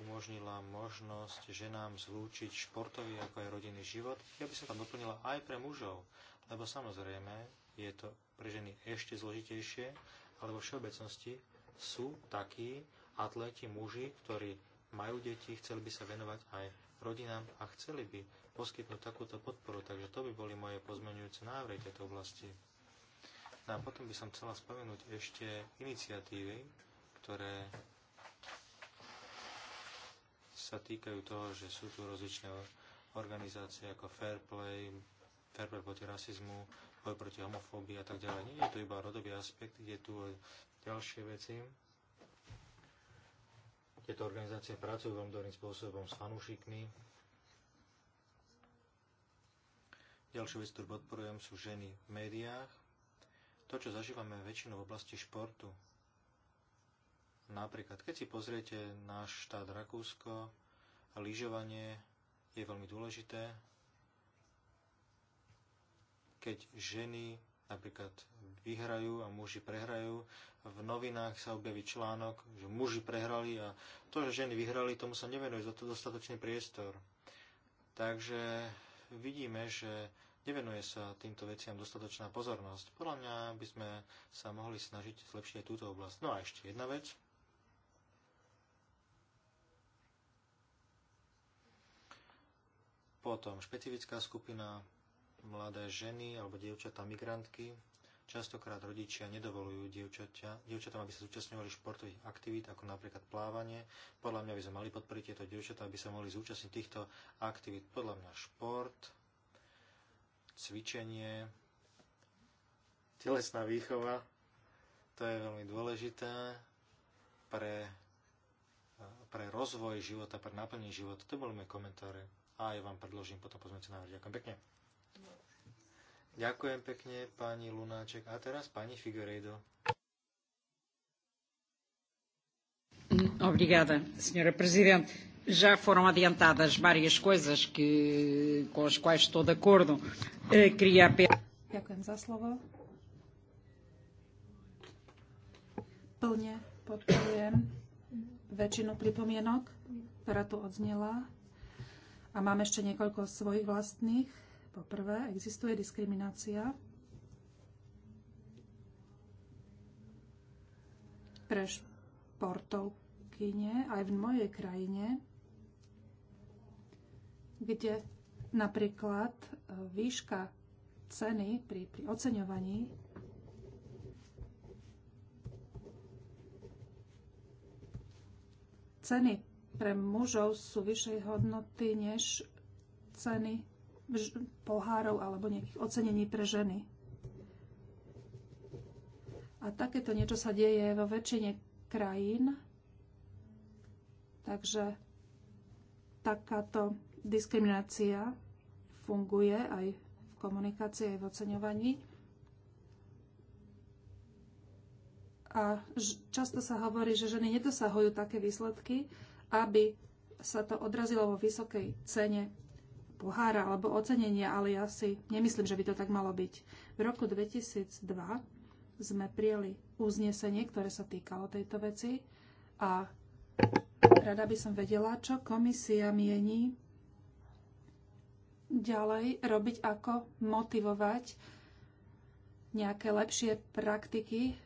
umožnila možnosť ženám zlúčiť športový ako aj rodinný život. Ja by som tam doplnila aj pre mužov, lebo samozrejme je to pre ženy ešte zložitejšie, ale vo všeobecnosti sú takí atléti muži, ktorí majú deti, chceli by sa venovať aj rodinám a chceli by poskytnúť takúto podporu. Takže to by boli moje pozmenujúce návrhy tejto oblasti. No a potom by som chcela spomenúť ešte iniciatívy, ktoré sa týkajú toho, že sú tu rozličné organizácie ako Fair Play, Fair Play proti rasizmu, boj proti homofóbii a tak ďalej. Nie je to iba rodový aspekt, je tu aj ďalšie veci. Tieto organizácie pracujú veľmi dobrým spôsobom s fanúšikmi. Ďalšiu vec, ktorú podporujem, sú ženy v médiách. To, čo zažívame väčšinou v oblasti športu. Napríklad, keď si pozriete náš štát Rakúsko, a lyžovanie je veľmi dôležité. Keď ženy napríklad vyhrajú a muži prehrajú, v novinách sa objaví článok, že muži prehrali a to, že ženy vyhrali, tomu sa nevenuje za to dostatočný priestor. Takže vidíme, že nevenuje sa týmto veciam dostatočná pozornosť. Podľa mňa by sme sa mohli snažiť zlepšiť aj túto oblasť. No a ešte jedna vec. Potom špecifická skupina mladé ženy alebo dievčatá migrantky. Častokrát rodičia nedovolujú dievčatia, dievčatám, aby sa zúčastňovali športových aktivít, ako napríklad plávanie. Podľa mňa by sme mali podporiť tieto dievčatá, aby sa mohli zúčastniť týchto aktivít. Podľa mňa šport, cvičenie, telesná výchova, to je veľmi dôležité pre, pre rozvoj života, pre naplnenie života. To boli moje komentáre a ja vám predložím potom pozmeňujúce návrh. Ďakujem pekne. Ďakujem pekne pani Lunáček. A teraz pani Figueiredo. Obrigada, senhora presidente. Já foram adiantadas várias coisas que, com as quais estou de acordo. Eh, queria apenas... za slovo. Plne podporujem väčšinu pripomienok, ktorá tu odznela. A mám ešte niekoľko svojich vlastných. Poprvé, existuje diskriminácia pre športovkyne aj v mojej krajine, kde napríklad e, výška ceny pri, pri oceňovaní ceny pre mužov sú vyššej hodnoty než ceny pohárov alebo nejakých ocenení pre ženy. A takéto niečo sa deje vo väčšine krajín. Takže takáto diskriminácia funguje aj v komunikácii, aj v oceňovaní. A často sa hovorí, že ženy nedosahujú také výsledky, aby sa to odrazilo vo vysokej cene pohára alebo ocenenia, ale ja si nemyslím, že by to tak malo byť. V roku 2002 sme prijeli uznesenie, ktoré sa týkalo tejto veci a rada by som vedela, čo komisia mieni ďalej robiť, ako motivovať nejaké lepšie praktiky.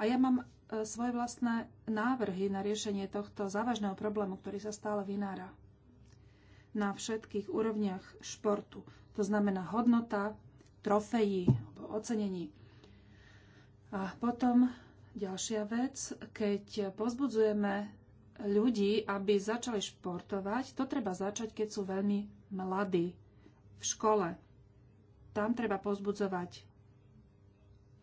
A ja mám E, svoje vlastné návrhy na riešenie tohto závažného problému, ktorý sa stále vynára na všetkých úrovniach športu. To znamená hodnota, trofeji, ocenení. A potom ďalšia vec, keď pozbudzujeme ľudí, aby začali športovať, to treba začať, keď sú veľmi mladí v škole. Tam treba pozbudzovať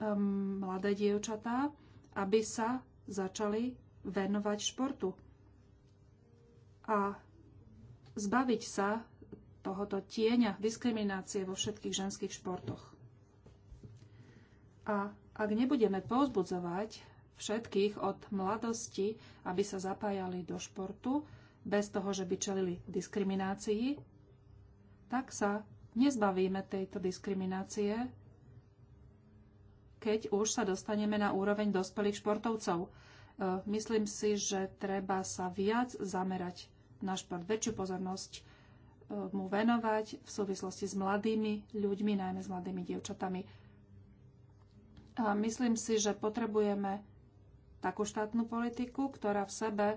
ehm, mladé dievčatá, aby sa začali venovať športu a zbaviť sa tohoto tieňa diskriminácie vo všetkých ženských športoch. A ak nebudeme povzbudzovať všetkých od mladosti, aby sa zapájali do športu, bez toho, že by čelili diskriminácii, tak sa nezbavíme tejto diskriminácie keď už sa dostaneme na úroveň dospelých športovcov. E, myslím si, že treba sa viac zamerať na šport, väčšiu pozornosť e, mu venovať v súvislosti s mladými ľuďmi, najmä s mladými dievčatami. A myslím si, že potrebujeme takú štátnu politiku, ktorá v sebe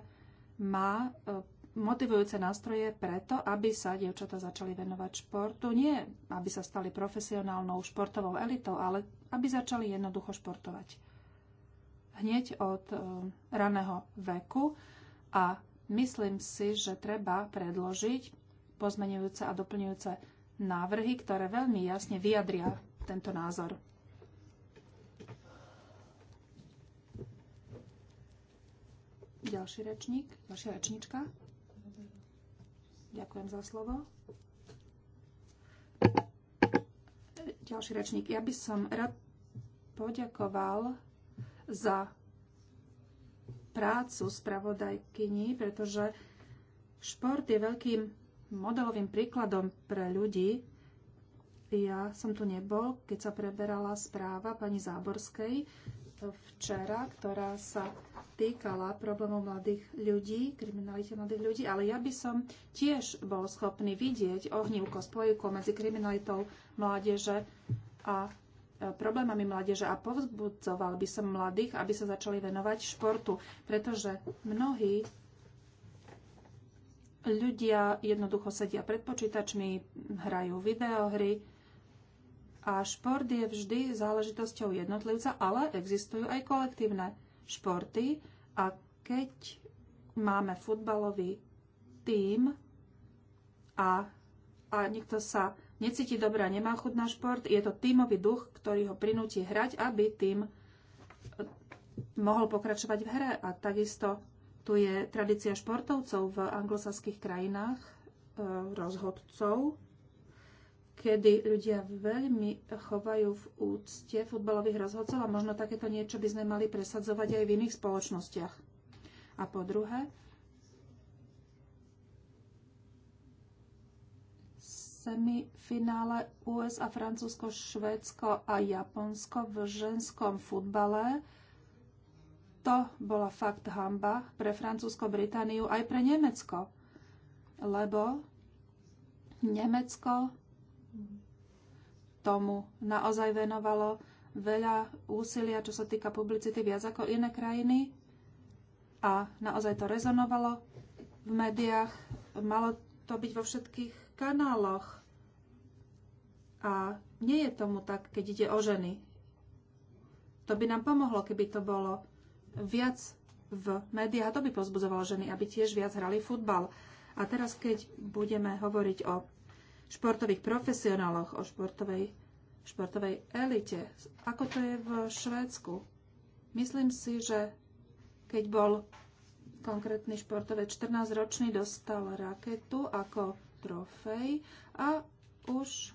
má e, motivujúce nástroje preto, aby sa dievčatá začali venovať športu. Nie, aby sa stali profesionálnou športovou elitou, ale aby začali jednoducho športovať. Hneď od e, raného veku a myslím si, že treba predložiť pozmenujúce a doplňujúce návrhy, ktoré veľmi jasne vyjadria tento názor. Ďalší rečník, ďalšia rečníčka. Ďakujem za slovo. Ďalší rečník. Ja by som rád poďakoval za prácu spravodajkyni, pretože šport je veľkým modelovým príkladom pre ľudí. Ja som tu nebol, keď sa preberala správa pani Záborskej včera, ktorá sa týkala problémov mladých ľudí, kriminalite mladých ľudí, ale ja by som tiež bol schopný vidieť ohnívko spojivko medzi kriminalitou mládeže a e, problémami mládeže a povzbudzoval by som mladých, aby sa začali venovať športu, pretože mnohí ľudia jednoducho sedia pred počítačmi, hrajú videohry, a šport je vždy záležitosťou jednotlivca, ale existujú aj kolektívne športy a keď máme futbalový tím a, a niekto sa necíti dobre a nemá chuť na šport, je to tímový duch, ktorý ho prinúti hrať, aby tým mohol pokračovať v hre. A takisto tu je tradícia športovcov v anglosaských krajinách, e, rozhodcov, kedy ľudia veľmi chovajú v úcte futbalových rozhodcov a možno takéto niečo by sme mali presadzovať aj v iných spoločnostiach. A po druhé, semifinále USA, Francúzsko, Švédsko a Japonsko v ženskom futbale. To bola fakt hamba pre Francúzsko, Britániu aj pre Nemecko, lebo Nemecko tomu naozaj venovalo veľa úsilia, čo sa týka publicity viac ako iné krajiny a naozaj to rezonovalo v médiách. Malo to byť vo všetkých kanáloch. A nie je tomu tak, keď ide o ženy. To by nám pomohlo, keby to bolo viac v médiách a to by pozbudzovalo ženy, aby tiež viac hrali futbal. A teraz, keď budeme hovoriť o športových profesionáloch, o športovej, športovej elite. Ako to je v Švédsku? Myslím si, že keď bol konkrétny športovec 14-ročný, dostal raketu ako trofej a už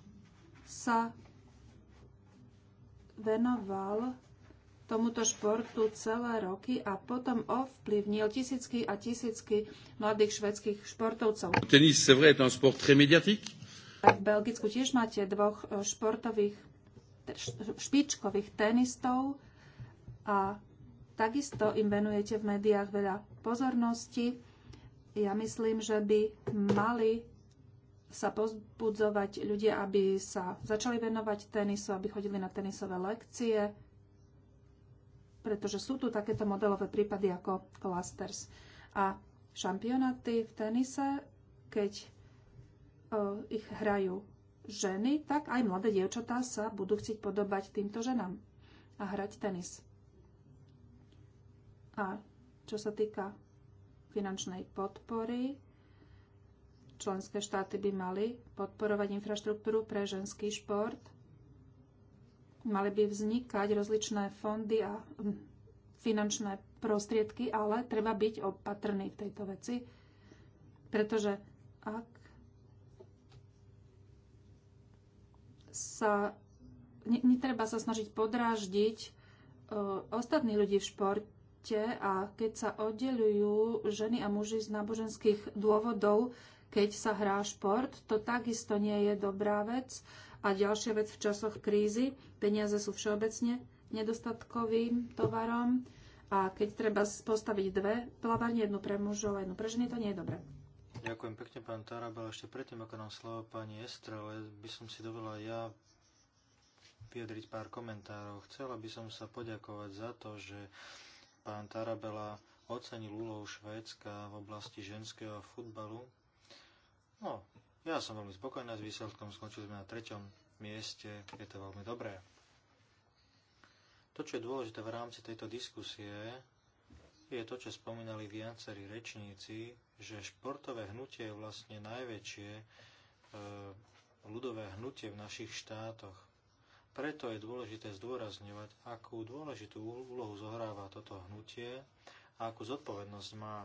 sa venoval tomuto športu celé roky a potom ovplyvnil tisícky a tisícky mladých švedských športovcov. Tenis, c'est vrai, est un sport très médiatique. V Belgicku tiež máte dvoch e, športových špičkových tenistov a takisto im venujete v médiách veľa pozornosti. Ja myslím, že by mali sa pozbudzovať ľudia, aby sa začali venovať tenisu, aby chodili na tenisové lekcie, pretože sú tu takéto modelové prípady ako clusters. A šampionáty v tenise, keď Eh, ich hrajú ženy, tak aj mladé dievčatá sa budú chcieť podobať týmto ženám a hrať tenis. A čo sa týka finančnej podpory, členské štáty by mali podporovať infraštruktúru pre ženský šport, mali by vznikať rozličné fondy a hm, finančné prostriedky, ale treba byť opatrný v tejto veci, pretože ak sa, netreba sa snažiť podráždiť e, ostatných ľudí v športe a keď sa oddelujú ženy a muži z náboženských dôvodov, keď sa hrá šport, to takisto nie je dobrá vec. A ďalšia vec v časoch krízy, peniaze sú všeobecne nedostatkovým tovarom a keď treba postaviť dve plavárne, jednu pre mužov a jednu pre ženy, to nie je dobré. Ďakujem pekne, pán ale Ešte predtým, ako nám slovo pani Estrele, by som si dovolila ja vyjadriť pár komentárov. Chcela by som sa poďakovať za to, že pán Tarabela ocenil úlohu Švédska v oblasti ženského futbalu. No, ja som veľmi spokojná s výsledkom, skončili sme na treťom mieste, je to veľmi dobré. To, čo je dôležité v rámci tejto diskusie, je to, čo spomínali viacerí rečníci, že športové hnutie je vlastne najväčšie e, ľudové hnutie v našich štátoch. Preto je dôležité zdôrazňovať, akú dôležitú úlohu zohráva toto hnutie a akú zodpovednosť má,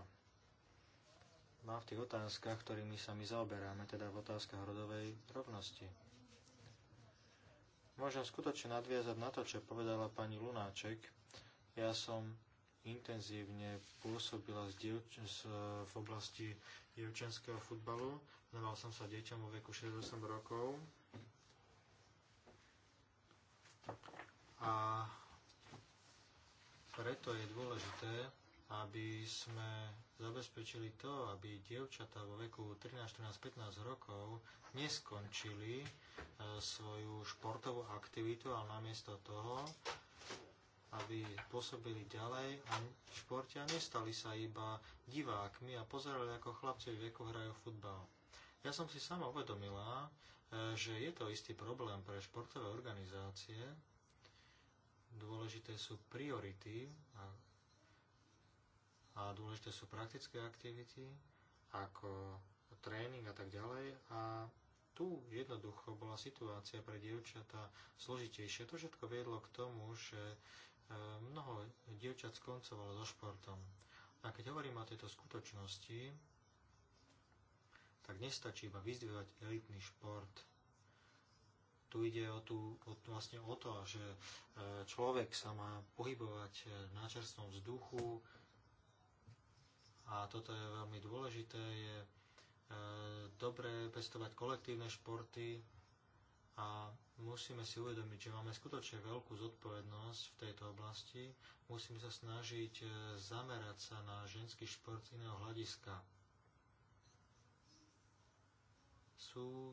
má v tých otázkach, ktorými sa my zaoberáme, teda v otázkach rodovej rovnosti. Môžem skutočne nadviazať na to, čo povedala pani Lunáček. Ja som intenzívne pôsobila v oblasti dievčenského futbalu. Venoval som sa deťom vo veku 68 rokov. A preto je dôležité, aby sme zabezpečili to, aby dievčatá vo veku 13, 14, 15 rokov neskončili e, svoju športovú aktivitu, ale namiesto toho aby pôsobili ďalej a v športe a nestali sa iba divákmi a pozerali, ako chlapci v veku hrajú futbal. Ja som si sama uvedomila, e, že je to istý problém pre športové organizácie. Dôležité sú priority a, a dôležité sú praktické aktivity, ako tréning a tak ďalej. A tu jednoducho bola situácia pre dievčatá složitejšia. To všetko viedlo k tomu, že E, mnoho dievčat skoncovalo so športom. A keď hovorím o tejto skutočnosti, tak nestačí iba vyzdvihovať elitný šport. Tu ide o, tú, o, vlastne o to, že e, človek sa má pohybovať e, na čerstvom vzduchu a toto je veľmi dôležité. Je dobré pestovať kolektívne športy a musíme si uvedomiť, že máme skutočne veľkú zodpovednosť v tejto oblasti. Musíme sa snažiť e, zamerať sa na ženský šport z iného hľadiska. Sú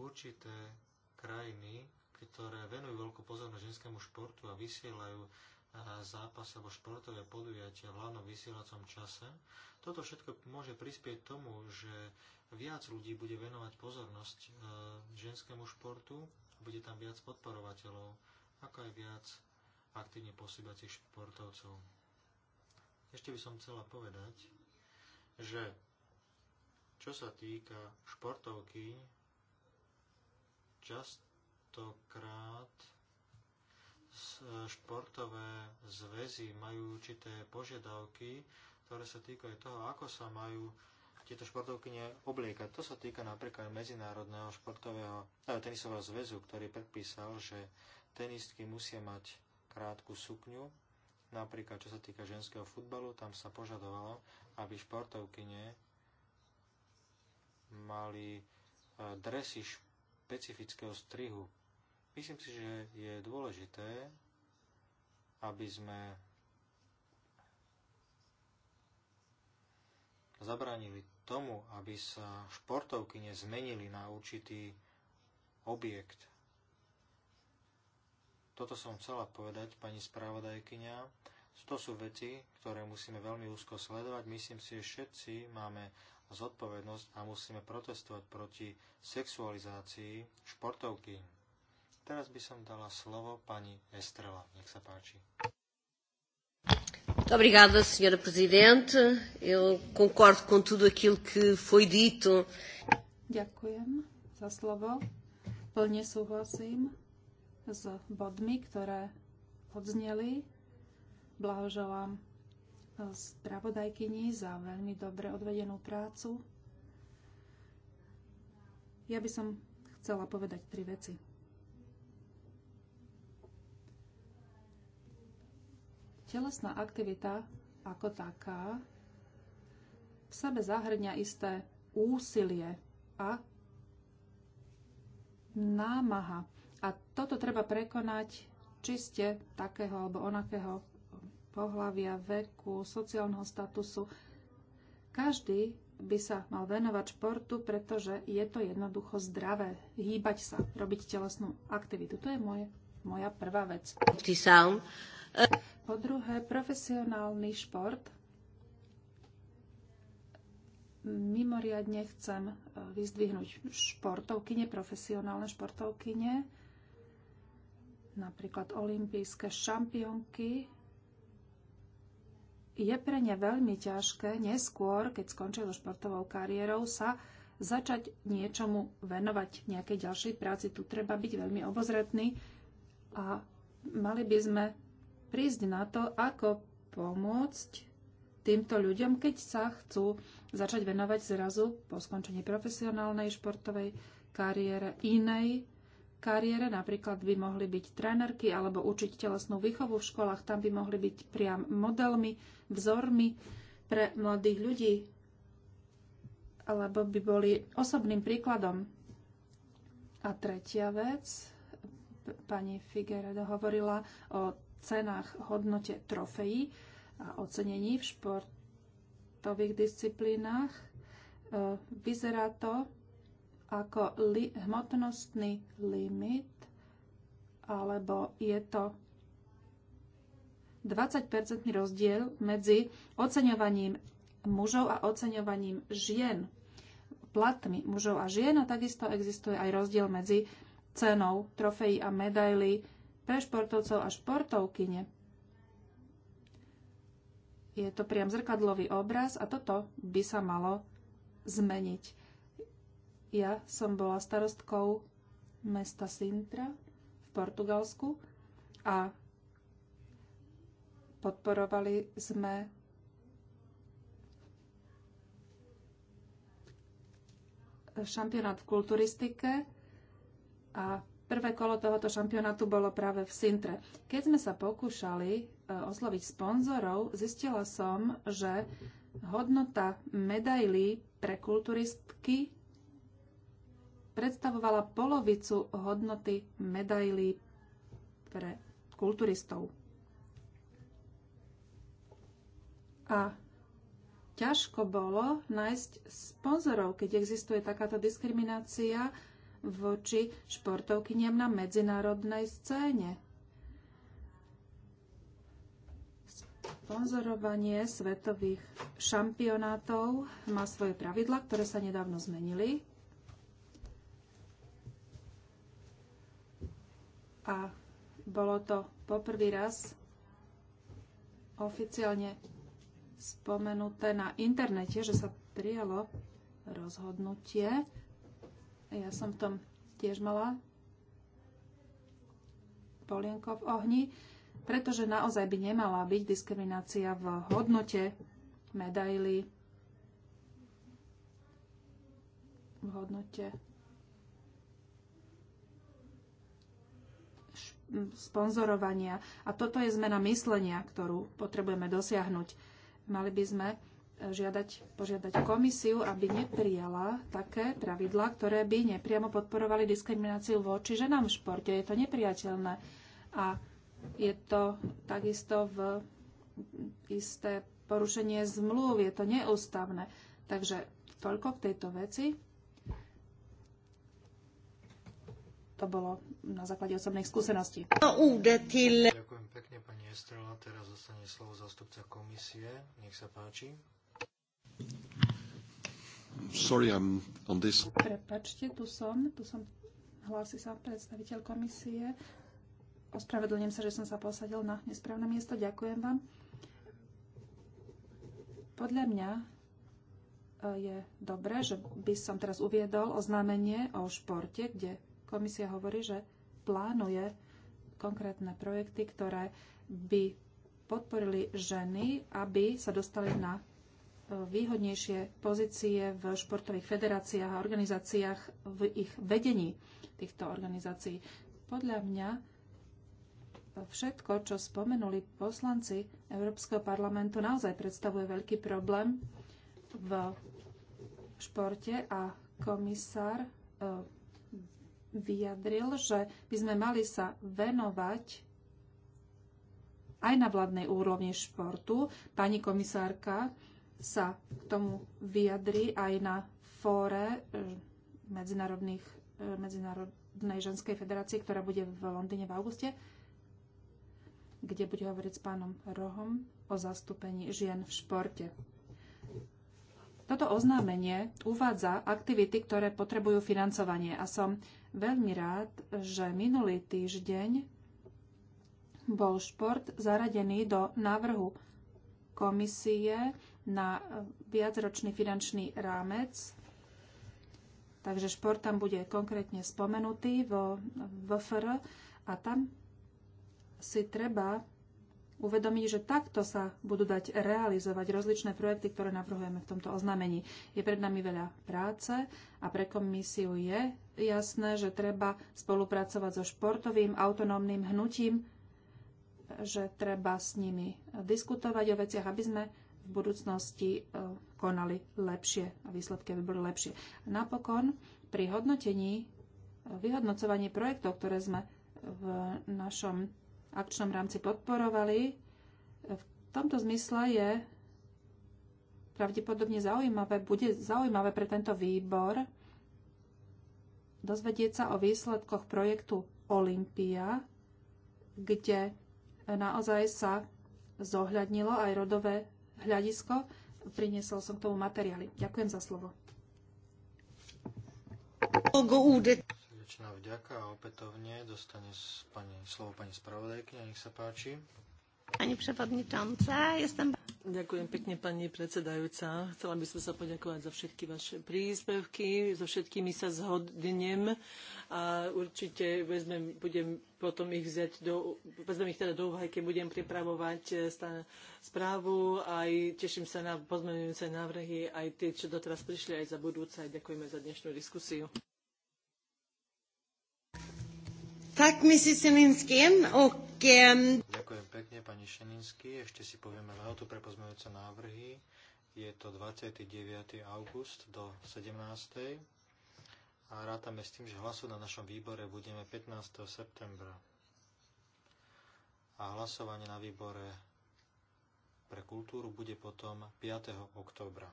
určité krajiny, ktoré venujú veľkú pozornosť ženskému športu a vysielajú zápas alebo športové podujatia v hlavnom vysielacom čase. Toto všetko môže prispieť tomu, že viac ľudí bude venovať pozornosť e, ženskému športu, a bude tam viac podporovateľov, ako aj viac aktívne posúbacích športovcov. Ešte by som chcela povedať, že čo sa týka športovky, častokrát športové zväzy majú určité požiadavky, ktoré sa týkajú toho, ako sa majú tieto športovkyne obliekať. To sa týka napríklad Medzinárodného športového eh, tenisového zväzu, ktorý predpísal, že tenistky musia mať krátku sukňu. Napríklad, čo sa týka ženského futbalu, tam sa požadovalo, aby športovkyne mali eh, dresy špecifického strihu, Myslím si, že je dôležité, aby sme zabránili tomu, aby sa športovky nezmenili na určitý objekt. Toto som chcela povedať, pani správodajkynia. To sú veci, ktoré musíme veľmi úzko sledovať. Myslím si, že všetci máme zodpovednosť a musíme protestovať proti sexualizácii športovky. Teraz by som dala slovo pani Estrela. Nech sa páči. Muito obrigada, Sra. Presidente. Eu concordo com tudo aquilo que foi dito. Ďakujem za slovo. Plne súhlasím s bodmi, ktoré odzneli. Blahoželám spravodajkyni za veľmi dobre odvedenú prácu. Ja by som chcela povedať tri veci. telesná aktivita ako taká v sebe zahrňa isté úsilie a námaha. A toto treba prekonať čiste takého alebo onakého pohlavia, veku, sociálneho statusu. Každý by sa mal venovať športu, pretože je to jednoducho zdravé. Hýbať sa, robiť telesnú aktivitu. To je moje, moja prvá vec. Po druhé, profesionálny šport. Mimoriadne chcem e, vyzdvihnúť športovkyne, profesionálne športovkyne, napríklad olimpijské šampiónky, je pre ne veľmi ťažké neskôr, keď skončia so športovou kariérou, sa začať niečomu venovať, nejakej ďalšej práci. Tu treba byť veľmi obozretný a mali by sme prísť na to, ako pomôcť týmto ľuďom, keď sa chcú začať venovať zrazu po skončení profesionálnej športovej kariére inej kariére, napríklad by mohli byť trénerky alebo učiť telesnú výchovu v školách, tam by mohli byť priam modelmi, vzormi pre mladých ľudí, alebo by boli osobným príkladom. A tretia vec, pani Figueredo hovorila o cenách, hodnote trofejí a ocenení v športových disciplínach. E, vyzerá to ako li- hmotnostný limit, alebo je to 20-percentný rozdiel medzi oceňovaním mužov a oceňovaním žien, platmi mužov a žien a takisto existuje aj rozdiel medzi cenou trofejí a medaily pre športovcov a športovkyne. Je to priam zrkadlový obraz a toto by sa malo zmeniť. Ja som bola starostkou mesta Sintra v Portugalsku a podporovali sme šampionát v kulturistike a Prvé kolo tohoto šampionátu bolo práve v Sintre. Keď sme sa pokúšali e, osloviť sponzorov, zistila som, že hodnota medailí pre kulturistky predstavovala polovicu hodnoty medailí pre kulturistov. A ťažko bolo nájsť sponzorov, keď existuje takáto diskriminácia voči športovkyniam na medzinárodnej scéne. Sponzorovanie svetových šampionátov má svoje pravidla, ktoré sa nedávno zmenili. A bolo to poprvý raz oficiálne spomenuté na internete, že sa prijalo rozhodnutie ja som v tom tiež mala polienko v ohni, pretože naozaj by nemala byť diskriminácia v hodnote medaily, v hodnote sponzorovania. A toto je zmena myslenia, ktorú potrebujeme dosiahnuť. Mali by sme žiadať, požiadať komisiu, aby neprijala také pravidlá, ktoré by nepriamo podporovali diskrimináciu voči ženám v športe. Je to nepriateľné a je to takisto v isté porušenie zmluv, je to neústavné. Takže toľko k tejto veci. To bolo na základe osobných skúseností. No, Ďakujem pekne, pani Estrela. Teraz zostane slovo zástupca komisie. Nech sa páči. Sorry, I'm on this. Prepačte, tu som, tu som, hlási sa predstaviteľ komisie. Ospravedlňujem sa, že som sa posadil na nesprávne miesto. Ďakujem vám. Podľa mňa eh, je dobré, že by som teraz uviedol oznámenie o športe, kde komisia hovorí, že plánuje konkrétne projekty, ktoré by podporili ženy, aby sa dostali na výhodnejšie pozície v športových federáciách a organizáciách v ich vedení týchto organizácií. Podľa mňa všetko, čo spomenuli poslanci Európskeho parlamentu, naozaj predstavuje veľký problém v športe a komisár e, vyjadril, že by sme mali sa venovať aj na vládnej úrovni športu. Pani komisárka sa k tomu vyjadri aj na fóre e, medzinárodných, e, Medzinárodnej ženskej federácie, ktorá bude v Londýne v auguste, kde bude hovoriť s pánom Rohom o zastúpení žien v športe. Toto oznámenie uvádza aktivity, ktoré potrebujú financovanie a som veľmi rád, že minulý týždeň bol šport zaradený do návrhu komisie na viacročný finančný rámec. Takže šport tam bude konkrétne spomenutý vo VFR a tam si treba uvedomiť, že takto sa budú dať realizovať rozličné projekty, ktoré navrhujeme v tomto oznámení. Je pred nami veľa práce a pre komisiu je jasné, že treba spolupracovať so športovým autonómnym hnutím že treba s nimi diskutovať o veciach, aby sme v budúcnosti e, konali lepšie a výsledky by boli lepšie. Napokon pri hodnotení, e, vyhodnocovaní projektov, ktoré sme v našom akčnom rámci podporovali, e, v tomto zmysle je pravdepodobne zaujímavé, bude zaujímavé pre tento výbor dozvedieť sa o výsledkoch projektu Olympia, kde naozaj sa zohľadnilo aj rodové hľadisko. Priniesol som k tomu materiály. Ďakujem za slovo. Srdečná vďaka a opätovne dostane pani, slovo pani spravodajky, Nech sa páči. Pani przewodnicząca, jestem... Ďakujem pekne, pani predsedajúca. Chcela by som sa poďakovať za všetky vaše príspevky. So všetkými sa zhodnem a určite vezmem, budem potom ich vziať do, vezmem ich teda do úvahy, keď budem pripravovať eh, správu. Aj teším sa na pozmenujúce návrhy, aj tie, čo doteraz prišli, aj za budúce. Aj ďakujeme za dnešnú diskusiu. Tak, Ďakujem pekne, pani Šeninsky. Ešte si povieme lehotu pre pozmeňujúce návrhy. Je to 29. august do 17. A rátame s tým, že hlasu na našom výbore budeme 15. septembra. A hlasovanie na výbore pre kultúru bude potom 5. októbra.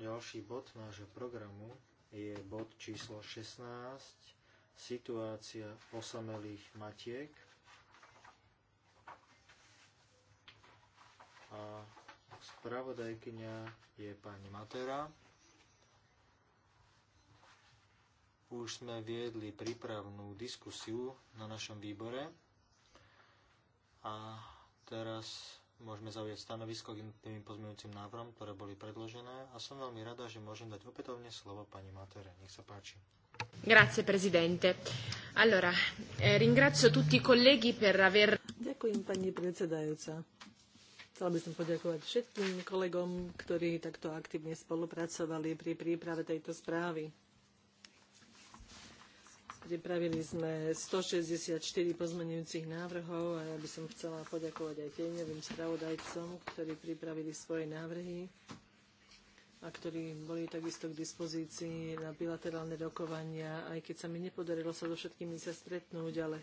Ďalší bod nášho programu je bod číslo 16, situácia osamelých matiek. A spravodajkynia je pani Matera. Už sme viedli prípravnú diskusiu na našom výbore a teraz môžeme zaujať stanovisko k tým pozmeňujúcim návrhom, ktoré boli predložené a som veľmi rada, že môžem dať opätovne slovo pani Matere. Nech sa páči. Grazie Allora, eh, ringrazio tutti i colleghi per aver... Ďakujem pani predsedajúca. Chcela by som poďakovať všetkým kolegom, ktorí takto aktívne spolupracovali pri príprave tejto správy. Pripravili sme 164 pozmenujúcich návrhov a ja by som chcela poďakovať aj tieňovým spravodajcom, ktorí pripravili svoje návrhy a ktorí boli takisto k dispozícii na bilaterálne rokovania, aj keď sa mi nepodarilo sa so všetkými sa stretnúť, ale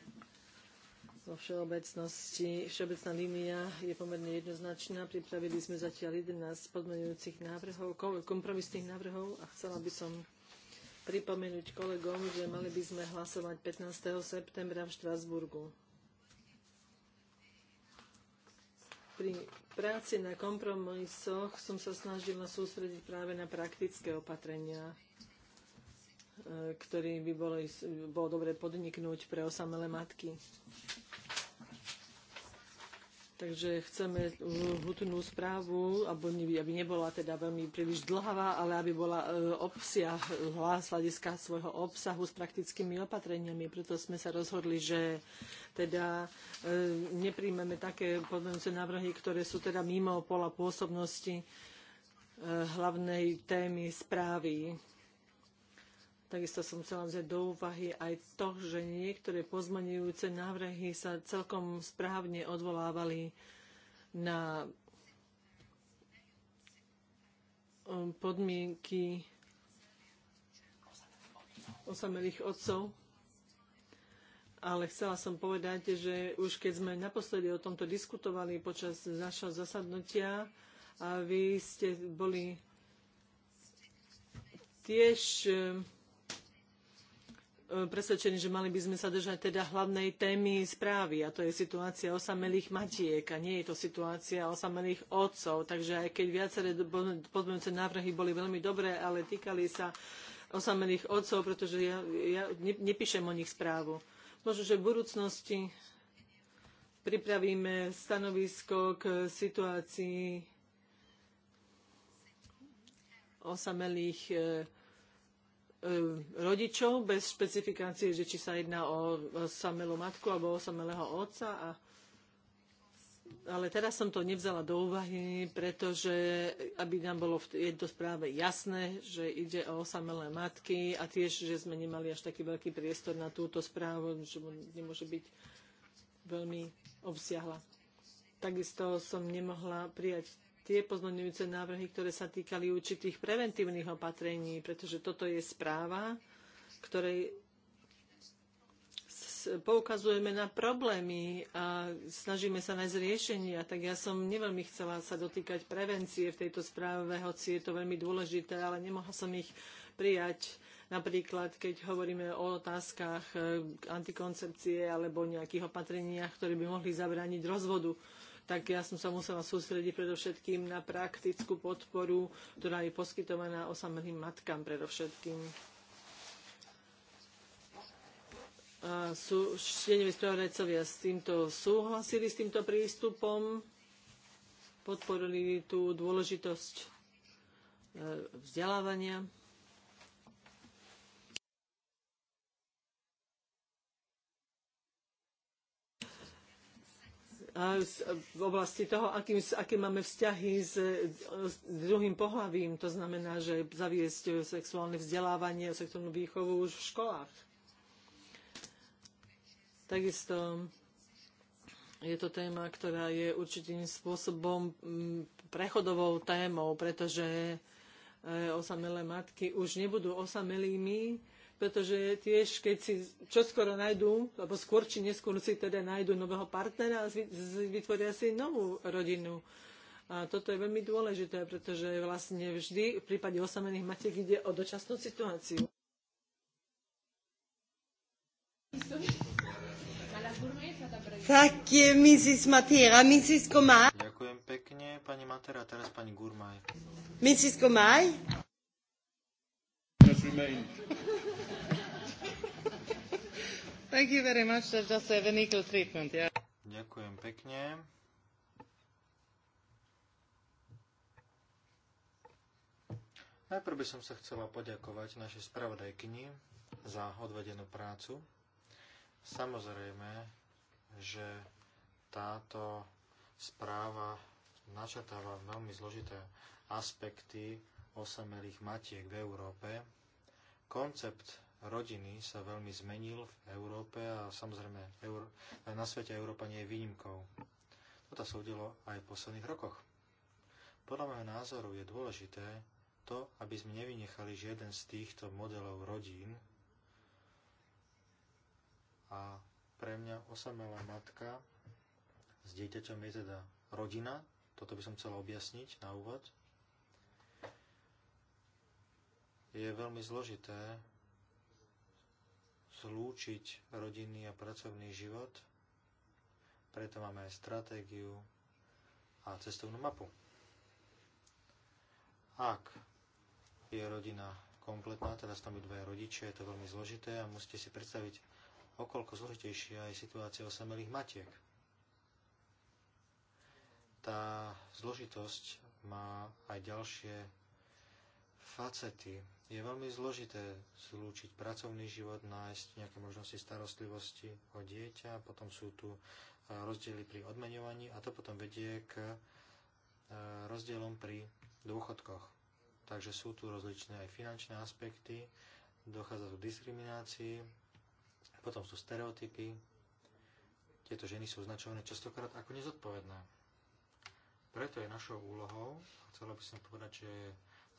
vo všeobecnosti. Všeobecná línia je pomerne jednoznačná. Pripravili sme zatiaľ 11 podmenujúcich návrhov, kompromisných návrhov a chcela by som pripomenúť kolegom, že mali by sme hlasovať 15. septembra v Štrasburgu. Pri práci na kompromisoch som sa snažila sústrediť práve na praktické opatrenia, e, ktoré by bolo, bolo dobre podniknúť pre osamelé matky. Takže chceme uh, hutnú správu, aby nebola teda veľmi príliš dlhavá, ale aby bola uh, obsiahla z hľadiska svojho obsahu s praktickými opatreniami. Preto sme sa rozhodli, že teda uh, nepríjmeme také podmienujúce návrhy, ktoré sú teda mimo pola pôsobnosti hlavnej témy správy Takisto som chcela vziať do úvahy aj to, že niektoré pozmenujúce návrhy sa celkom správne odvolávali na um, podmienky osamelých otcov. Ale chcela som povedať, že už keď sme naposledy o tomto diskutovali počas našho zasadnutia a vy ste boli tiež E, presvedčení, že mali by sme sa držať teda hlavnej témy správy a to je situácia osamelých matiek a nie je to situácia osamelých otcov. Takže aj keď viaceré pozmeňujúce návrhy boli veľmi dobré, ale týkali sa osamelých otcov, pretože ja, ja nepíšem o nich správu. Možno, že v budúcnosti pripravíme stanovisko k situácii osamelých e, E, rodičov bez špecifikácie, že či sa jedná o samelú matku alebo o samelého otca. A, ale teraz som to nevzala do úvahy, pretože aby nám bolo v tejto správe jasné, že ide o osamelé matky a tiež, že sme nemali až taký veľký priestor na túto správu, že nemôže byť veľmi obsiahla. Takisto som nemohla prijať tie pozmeňujúce návrhy, ktoré sa týkali určitých preventívnych opatrení, pretože toto je správa, ktorej poukazujeme na problémy a snažíme sa nájsť riešenia, tak ja som neveľmi chcela sa dotýkať prevencie v tejto správe, hoci je to veľmi dôležité, ale nemohla som ich prijať Napríklad, keď hovoríme o otázkach e, antikoncepcie alebo nejakých opatreniach, ktoré by mohli zabrániť rozvodu, tak ja som sa musela sústrediť predovšetkým na praktickú podporu, ktorá je poskytovaná osamelým matkám predovšetkým. Sú spravodajcovia s týmto súhlasili, s týmto prístupom, podporili tú dôležitosť e, vzdelávania. v oblasti toho, aké máme vzťahy s, s druhým pohlavím. To znamená, že zaviesť sexuálne vzdelávanie, a sexuálnu výchovu už v školách. Takisto je to téma, ktorá je určitým spôsobom mm, prechodovou témou, pretože e, osamelé matky už nebudú osamelými, pretože tiež keď si čoskoro nájdú, alebo skôr či neskôr si teda nájdú nového partnera a vytvoria si novú rodinu. A toto je veľmi dôležité, pretože vlastne vždy v prípade osamených matiek ide o dočasnú situáciu. Tak, Mrs. Matera, Mrs. Komaj. Ďakujem pekne, pani Matera, teraz pani Gurmaj. Mrs. Komaj? remain. Thank you very much. That's just a venical treatment. Yeah. Ďakujem pekne. Najprv by som sa chcela poďakovať našej spravodajkyni za odvedenú prácu. Samozrejme, že táto správa načatáva veľmi zložité aspekty osamelých matiek v Európe. Koncept rodiny sa veľmi zmenil v Európe a samozrejme aj na svete Európa nie je výnimkou. Toto sa udelo aj v posledných rokoch. Podľa môjho názoru je dôležité to, aby sme nevynechali žiaden z týchto modelov rodín a pre mňa osamelá matka s dieťaťom je teda rodina, toto by som chcela objasniť na úvod, je veľmi zložité zlúčiť rodinný a pracovný život, preto máme aj stratégiu a cestovnú mapu. Ak je rodina kompletná, teda tam tam dvaja rodičia, je to veľmi zložité a musíte si predstaviť, okoľko zložitejšia je situácia osamelých matiek. Tá zložitosť má aj ďalšie facety. Je veľmi zložité zlúčiť pracovný život, nájsť nejaké možnosti starostlivosti o dieťa, potom sú tu e, rozdiely pri odmenovaní a to potom vedie k e, rozdielom pri dôchodkoch. Takže sú tu rozličné aj finančné aspekty, dochádza tu diskriminácii, potom sú stereotypy. Tieto ženy sú označované častokrát ako nezodpovedné. Preto je našou úlohou, chcela by som povedať, že je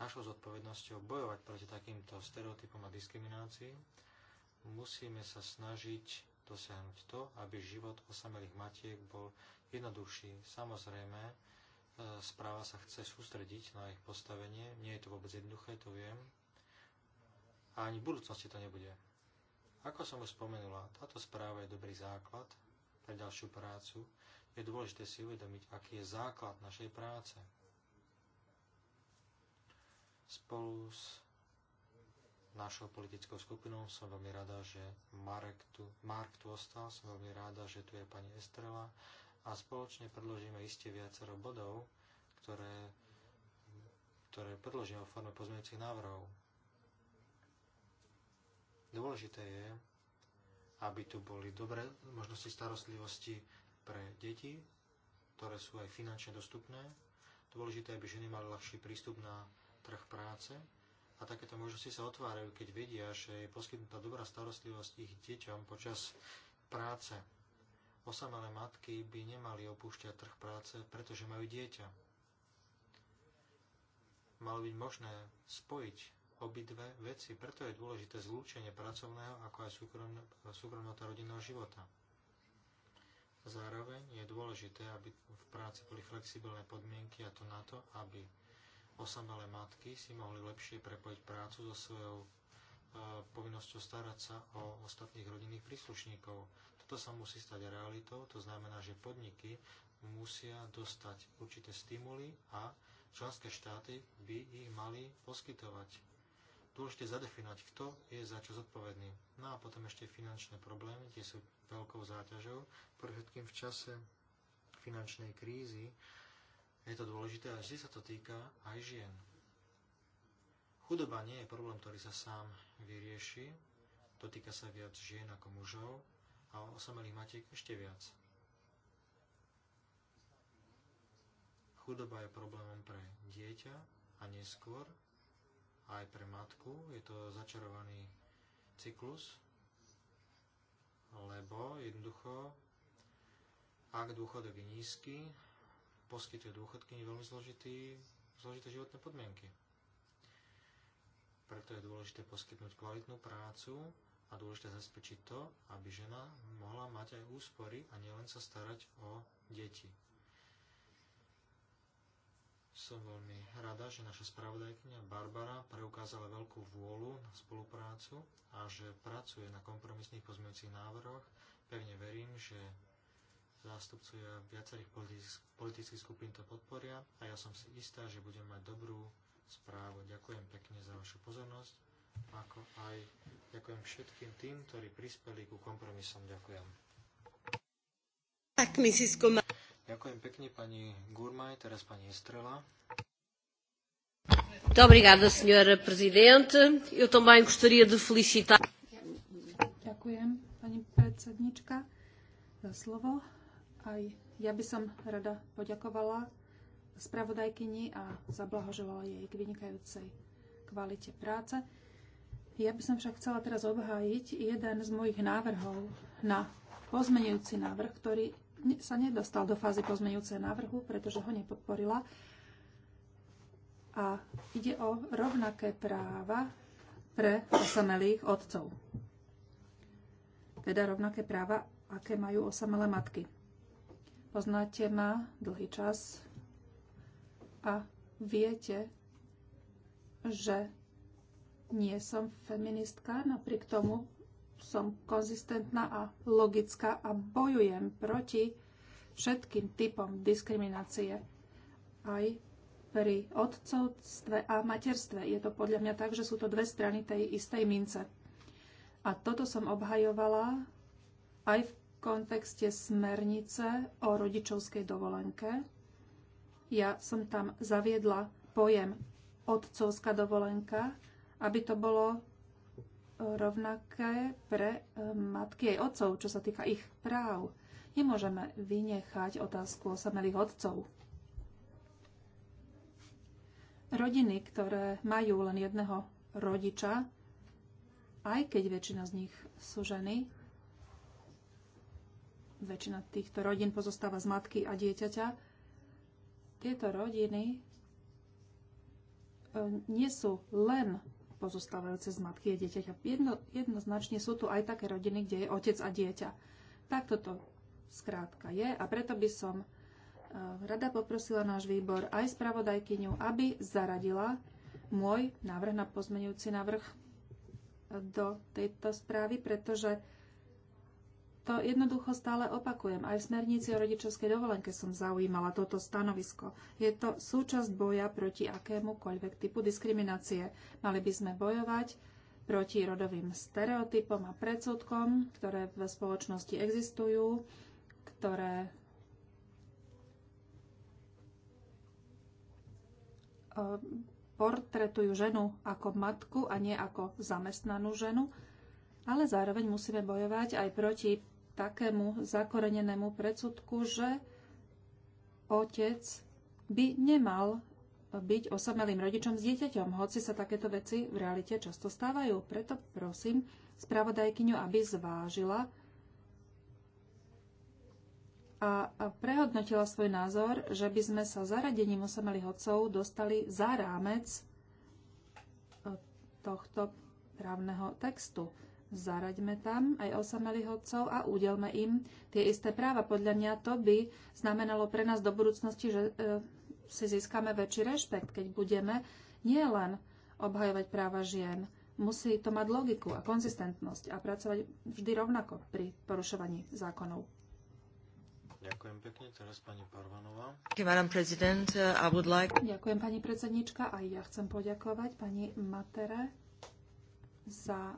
našou zodpovednosťou bojovať proti takýmto stereotypom a diskriminácii. Musíme sa snažiť dosiahnuť to, aby život osamelých matiek bol jednoduchší. Samozrejme, e, správa sa chce sústrediť na ich postavenie. Nie je to vôbec jednoduché, to viem. A ani v budúcnosti to nebude. Ako som už spomenula, táto správa je dobrý základ pre ďalšiu prácu. Je dôležité si uvedomiť, aký je základ našej práce. Spolu s našou politickou skupinou som veľmi rada, že Marek tu, Mark tu ostal, som veľmi rada, že tu je pani Estrela a spoločne predložíme iste viacero bodov, ktoré, ktoré predložíme v forme pozmeňujúcich návrhov. Dôležité je, aby tu boli dobré možnosti starostlivosti pre deti, ktoré sú aj finančne dostupné. Dôležité, aby ženy mali ľahší prístup na trh práce a takéto možnosti sa otvárajú, keď vedia, že je poskytnutá dobrá starostlivosť ich deťom počas práce. Osamelé matky by nemali opúšťať trh práce, pretože majú dieťa. Malo byť možné spojiť obidve veci, preto je dôležité zlúčenie pracovného ako aj súkromnota rodinného života. Zároveň je dôležité, aby v práci boli flexibilné podmienky a to na to, aby osamelé matky si mohli lepšie prepojiť prácu so svojou e, povinnosťou starať sa o ostatných rodinných príslušníkov. Toto sa musí stať realitou, to znamená, že podniky musia dostať určité stimuly a členské štáty by ich mali poskytovať dôležité zadefinovať, kto je za čo zodpovedný. No a potom ešte finančné problémy, tie sú veľkou záťažou, predovšetkým v čase finančnej krízy je to dôležité a vždy sa to týka aj žien. Chudoba nie je problém, ktorý sa sám vyrieši, to týka sa viac žien ako mužov a osamelých matiek ešte viac. Chudoba je problémom pre dieťa a neskôr aj pre matku. Je to začarovaný cyklus, lebo jednoducho, ak dôchodok je nízky, poskytuje dôchodkyni veľmi zložitý, zložité životné podmienky. Preto je dôležité poskytnúť kvalitnú prácu a dôležité zabezpečiť to, aby žena mohla mať aj úspory a nielen sa starať o deti. Som veľmi rada, že naša spravodajkňa Barbara preukázala veľkú vôľu na spoluprácu a že pracuje na kompromisných pozmeňujúcich návrhoch. Pevne verím, že zástupcovia viacerých politických skupín to podporia a ja som si istá, že budem mať dobrú správu. Ďakujem pekne za vašu pozornosť, ako aj ďakujem všetkým tým, ktorí prispeli ku kompromisom. Ďakujem. Tak, Ďakujem pekne pani Gurmaj, teraz pani Estrela. obrigada, Sra. Presidente. Eu também gostaria de felicitar. Ďakujem, pani predsednička, za slovo. Aj ja by som rada poďakovala spravodajkyni a zablahoželala jej k vynikajúcej kvalite práce. Ja by som však chcela teraz obhájiť jeden z mojich návrhov na pozmenujúci návrh, ktorý sa nedostal do fázy pozmenujúceho návrhu, pretože ho nepodporila. A ide o rovnaké práva pre osamelých otcov. Teda rovnaké práva, aké majú osamelé matky. Poznáte ma dlhý čas a viete, že nie som feministka, napriek tomu som konzistentná a logická a bojujem proti všetkým typom diskriminácie. Aj pri otcovstve a materstve je to podľa mňa tak, že sú to dve strany tej istej mince. A toto som obhajovala aj v kontexte smernice o rodičovskej dovolenke. Ja som tam zaviedla pojem otcovská dovolenka, aby to bolo e, rovnaké pre e, matky aj otcov, čo sa týka ich práv. Nemôžeme vynechať otázku osamelých otcov. Rodiny, ktoré majú len jedného rodiča, aj keď väčšina z nich sú ženy, Väčšina týchto rodín pozostáva z matky a dieťaťa. Tieto rodiny e, nie sú len pozostávajúce z matky a dieťaťa. Jedno, jednoznačne sú tu aj také rodiny, kde je otec a dieťa. Tak toto skrátka je a preto by som e, rada poprosila náš výbor aj spravodajkyňu, aby zaradila môj návrh na pozmenujúci návrh e, do tejto správy, pretože to jednoducho stále opakujem. Aj v smernici o rodičovskej dovolenke som zaujímala toto stanovisko. Je to súčasť boja proti akémukoľvek typu diskriminácie. Mali by sme bojovať proti rodovým stereotypom a predsudkom, ktoré v spoločnosti existujú, ktoré e, portretujú ženu ako matku a nie ako zamestnanú ženu, ale zároveň musíme bojovať aj proti takému zakorenenému predsudku, že otec by nemal byť osamelým rodičom s dieťaťom, hoci sa takéto veci v realite často stávajú. Preto prosím spravodajkyňu, aby zvážila a prehodnotila svoj názor, že by sme sa zaradením osamelých otcov dostali za rámec tohto právneho textu zaraďme tam aj osamelých otcov a udelme im tie isté práva. Podľa mňa to by znamenalo pre nás do budúcnosti, že e, si získame väčší rešpekt, keď budeme nielen obhajovať práva žien, musí to mať logiku a konzistentnosť a pracovať vždy rovnako pri porušovaní zákonov. Ďakujem pekne. Teraz pani Parvanová. Uh, Ďakujem pani predsednička. a ja chcem poďakovať pani Matere za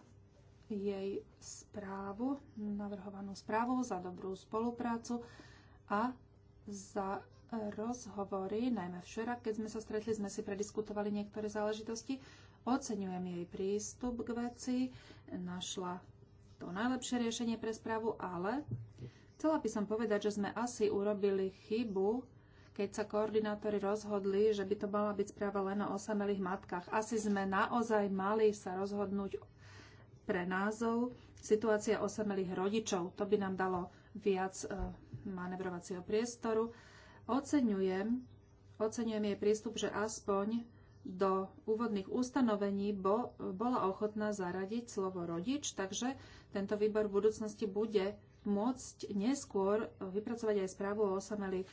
jej správu, navrhovanú správu, za dobrú spoluprácu a za rozhovory, najmä včera, keď sme sa stretli, sme si prediskutovali niektoré záležitosti. Oceňujem jej prístup k veci, našla to najlepšie riešenie pre správu, ale chcela by som povedať, že sme asi urobili chybu, keď sa koordinátori rozhodli, že by to mala byť správa len o osamelých matkách. Asi sme naozaj mali sa rozhodnúť pre názov Situácia osamelých rodičov. To by nám dalo viac e, manevrovacieho priestoru. Oceňujem, oceňujem jej prístup, že aspoň do úvodných ustanovení bo, bola ochotná zaradiť slovo rodič, takže tento výbor v budúcnosti bude môcť neskôr vypracovať aj správu o osamelých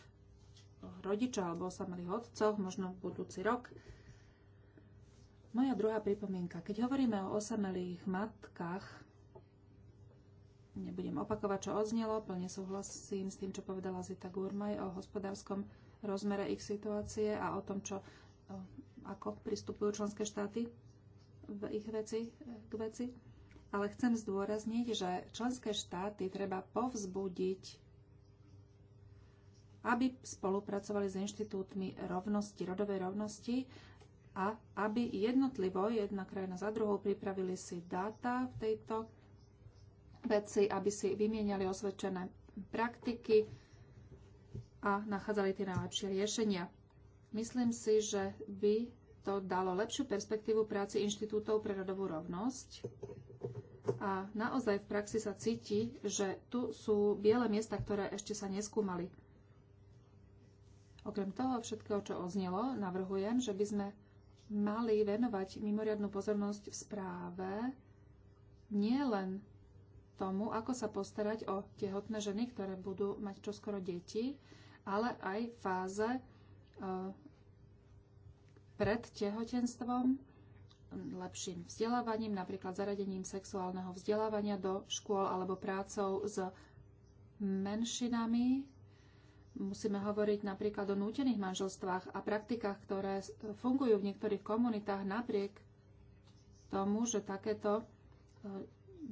rodičoch alebo osamelých otcoch, možno v budúci rok. Moja druhá pripomienka. Keď hovoríme o osamelých matkách, nebudem opakovať, čo odznelo, plne súhlasím s tým, čo povedala Zita Gurmaj o hospodárskom rozmere ich situácie a o tom, čo, ako pristupujú členské štáty v ich veci, k veci. Ale chcem zdôrazniť, že členské štáty treba povzbudiť, aby spolupracovali s inštitútmi rovnosti, rodovej rovnosti a aby jednotlivo jedna krajina za druhou pripravili si dáta v tejto veci, aby si vymieniali osvedčené praktiky a nachádzali tie najlepšie riešenia. Myslím si, že by to dalo lepšiu perspektívu práci inštitútov pre rodovú rovnosť. A naozaj v praxi sa cíti, že tu sú biele miesta, ktoré ešte sa neskúmali. Okrem toho všetkého, čo oznelo, navrhujem, že by sme mali venovať mimoriadnú pozornosť v správe nie len tomu, ako sa postarať o tehotné ženy, ktoré budú mať čoskoro deti, ale aj fáze e, pred tehotenstvom, lepším vzdelávaním, napríklad zaradením sexuálneho vzdelávania do škôl alebo prácou s menšinami, Musíme hovoriť napríklad o nútených manželstvách a praktikách, ktoré fungujú v niektorých komunitách napriek tomu, že takéto e,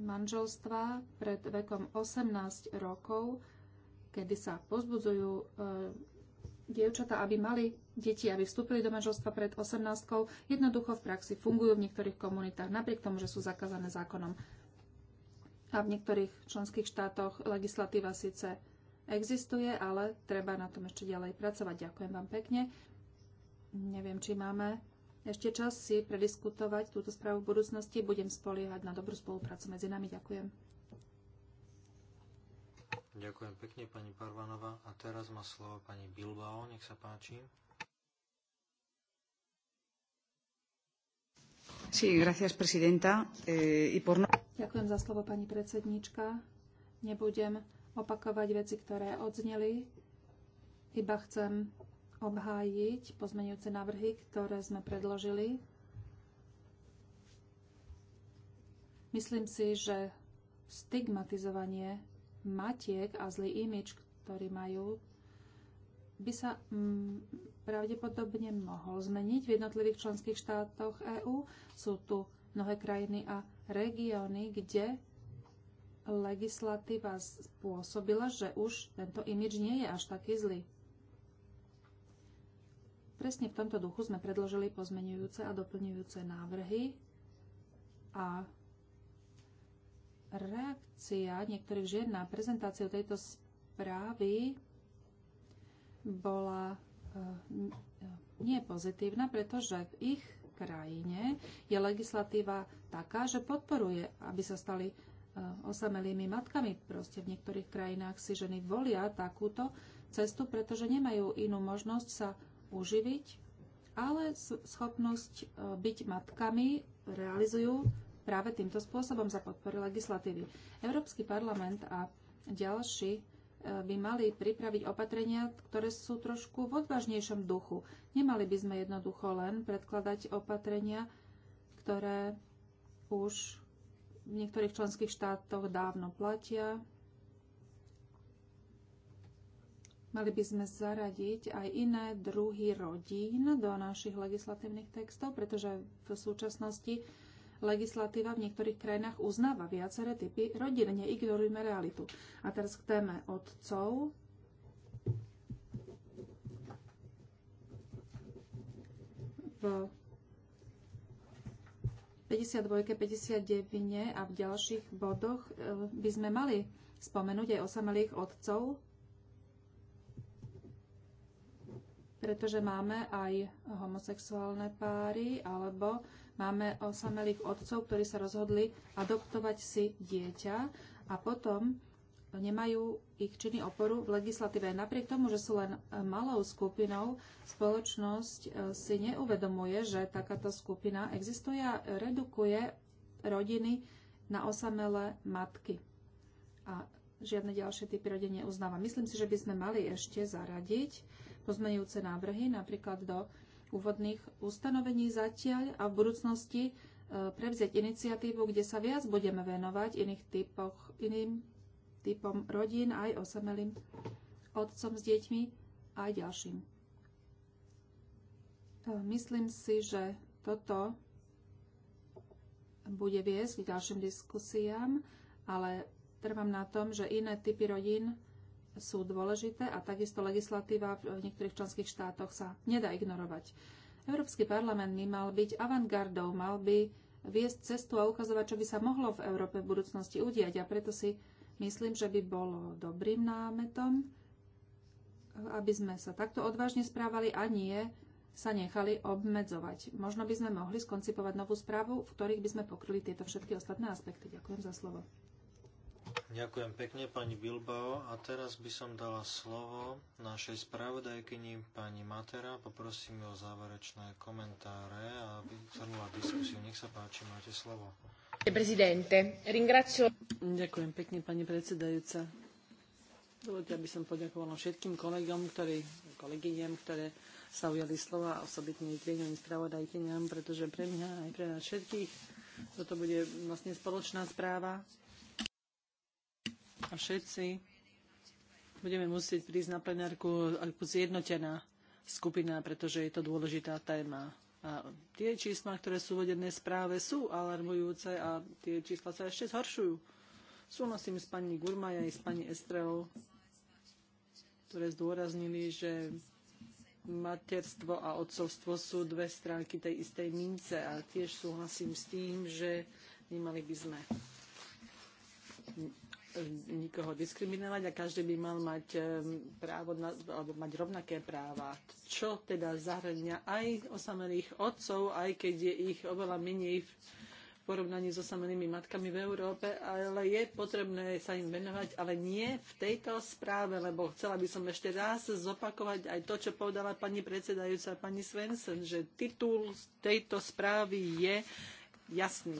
manželstva pred vekom 18 rokov, kedy sa pozbudzujú e, dievčatá, aby mali deti, aby vstúpili do manželstva pred 18, jednoducho v praxi fungujú v niektorých komunitách, napriek tomu, že sú zakázané zákonom. A v niektorých členských štátoch legislatíva síce existuje, ale treba na tom ešte ďalej pracovať. Ďakujem vám pekne. Neviem, či máme ešte čas si prediskutovať túto správu v budúcnosti. Budem spoliehať na dobrú spoluprácu medzi nami. Ďakujem. Ďakujem pekne, pani Parvanova. A teraz má slovo pani Bilbao, nech sa páči. Sí, gracias, presidenta. E, y por... No- Ďakujem za slovo, pani predsedníčka. Nebudem opakovať veci, ktoré odzneli. Iba chcem obhájiť pozmeňujúce návrhy, ktoré sme predložili. Myslím si, že stigmatizovanie matiek a zlý imič, ktorý majú, by sa mm, pravdepodobne mohol zmeniť v jednotlivých členských štátoch EÚ. Sú tu mnohé krajiny a regióny, kde legislatíva spôsobila, že už tento imidž nie je až taký zlý. Presne v tomto duchu sme predložili pozmenujúce a doplňujúce návrhy a reakcia niektorých žien na prezentáciu tejto správy bola eh, nie pozitívna, pretože v ich krajine je legislatíva taká, že podporuje, aby sa stali E, osamelými matkami. Proste v niektorých krajinách si ženy volia takúto cestu, pretože nemajú inú možnosť sa uživiť, ale schopnosť e, byť matkami realizujú práve týmto spôsobom za podpory legislatívy. Európsky parlament a ďalší e, by mali pripraviť opatrenia, ktoré sú trošku v odvážnejšom duchu. Nemali by sme jednoducho len predkladať opatrenia, ktoré už v niektorých členských štátoch dávno platia. Mali by sme zaradiť aj iné druhy rodín do našich legislatívnych textov, pretože v súčasnosti legislatíva v niektorých krajinách uznáva viaceré typy rodín. Neignorujme realitu. A teraz k téme otcov. V 52, 59 a v ďalších bodoch e, by sme mali spomenúť aj osamelých otcov, pretože máme aj homosexuálne páry, alebo máme osamelých otcov, ktorí sa rozhodli adoptovať si dieťa a potom nemajú ich činy oporu v legislatíve. Napriek tomu, že sú len e, malou skupinou, spoločnosť e, si neuvedomuje, že takáto skupina existuje a redukuje rodiny na osamelé matky. A žiadne ďalšie typy rodiny neuznáva. Myslím si, že by sme mali ešte zaradiť pozmenujúce návrhy napríklad do úvodných ustanovení zatiaľ a v budúcnosti e, prevziať iniciatívu, kde sa viac budeme venovať iných typoch, iným typom rodín, aj osamelým otcom s deťmi, aj ďalším. E, myslím si, že toto bude viesť k ďalším diskusiám, ale trvám na tom, že iné typy rodín sú dôležité a takisto legislatíva v niektorých členských štátoch sa nedá ignorovať. Európsky parlament by mal byť avantgardou, mal by viesť cestu a ukazovať, čo by sa mohlo v Európe v budúcnosti udiať a preto si Myslím, že by bolo dobrým námetom, aby sme sa takto odvážne správali a nie sa nechali obmedzovať. Možno by sme mohli skoncipovať novú správu, v ktorých by sme pokryli tieto všetky ostatné aspekty. Ďakujem za slovo. Ďakujem pekne pani Bilbao a teraz by som dala slovo našej spravodajkyni pani Matera. Poprosím ju o záverečné komentáre a aby zhrnula diskusiu. Nech sa páči, máte slovo. Ďakujem pekne, pani predsedajúca. Dovolte, aby som poďakovala všetkým kolegom, ktorí, kolegyniam, ktoré sa ujali slova a osobitne tieňovým spravodajkyniam pretože pre mňa aj pre nás všetkých toto bude vlastne spoločná správa. A všetci budeme musieť prísť na plenárku ako zjednotená skupina, pretože je to dôležitá téma tie čísla, ktoré sú uvedené v správe, sú alarmujúce a tie čísla sa ešte zhoršujú. Súhlasím s pani Gurmaj aj s pani Estrelou, ktoré zdôraznili, že materstvo a otcovstvo sú dve stránky tej istej mince a tiež súhlasím s tým, že nemali by sme nikoho diskriminovať a každý by mal mať právo na, alebo mať rovnaké práva. Čo teda zahrania aj osamelých otcov, aj keď je ich oveľa menej v porovnaní s osamelými matkami v Európe, ale je potrebné sa im venovať, ale nie v tejto správe, lebo chcela by som ešte raz zopakovať aj to, čo povedala pani predsedajúca, pani Svensson, že titul tejto správy je jasný.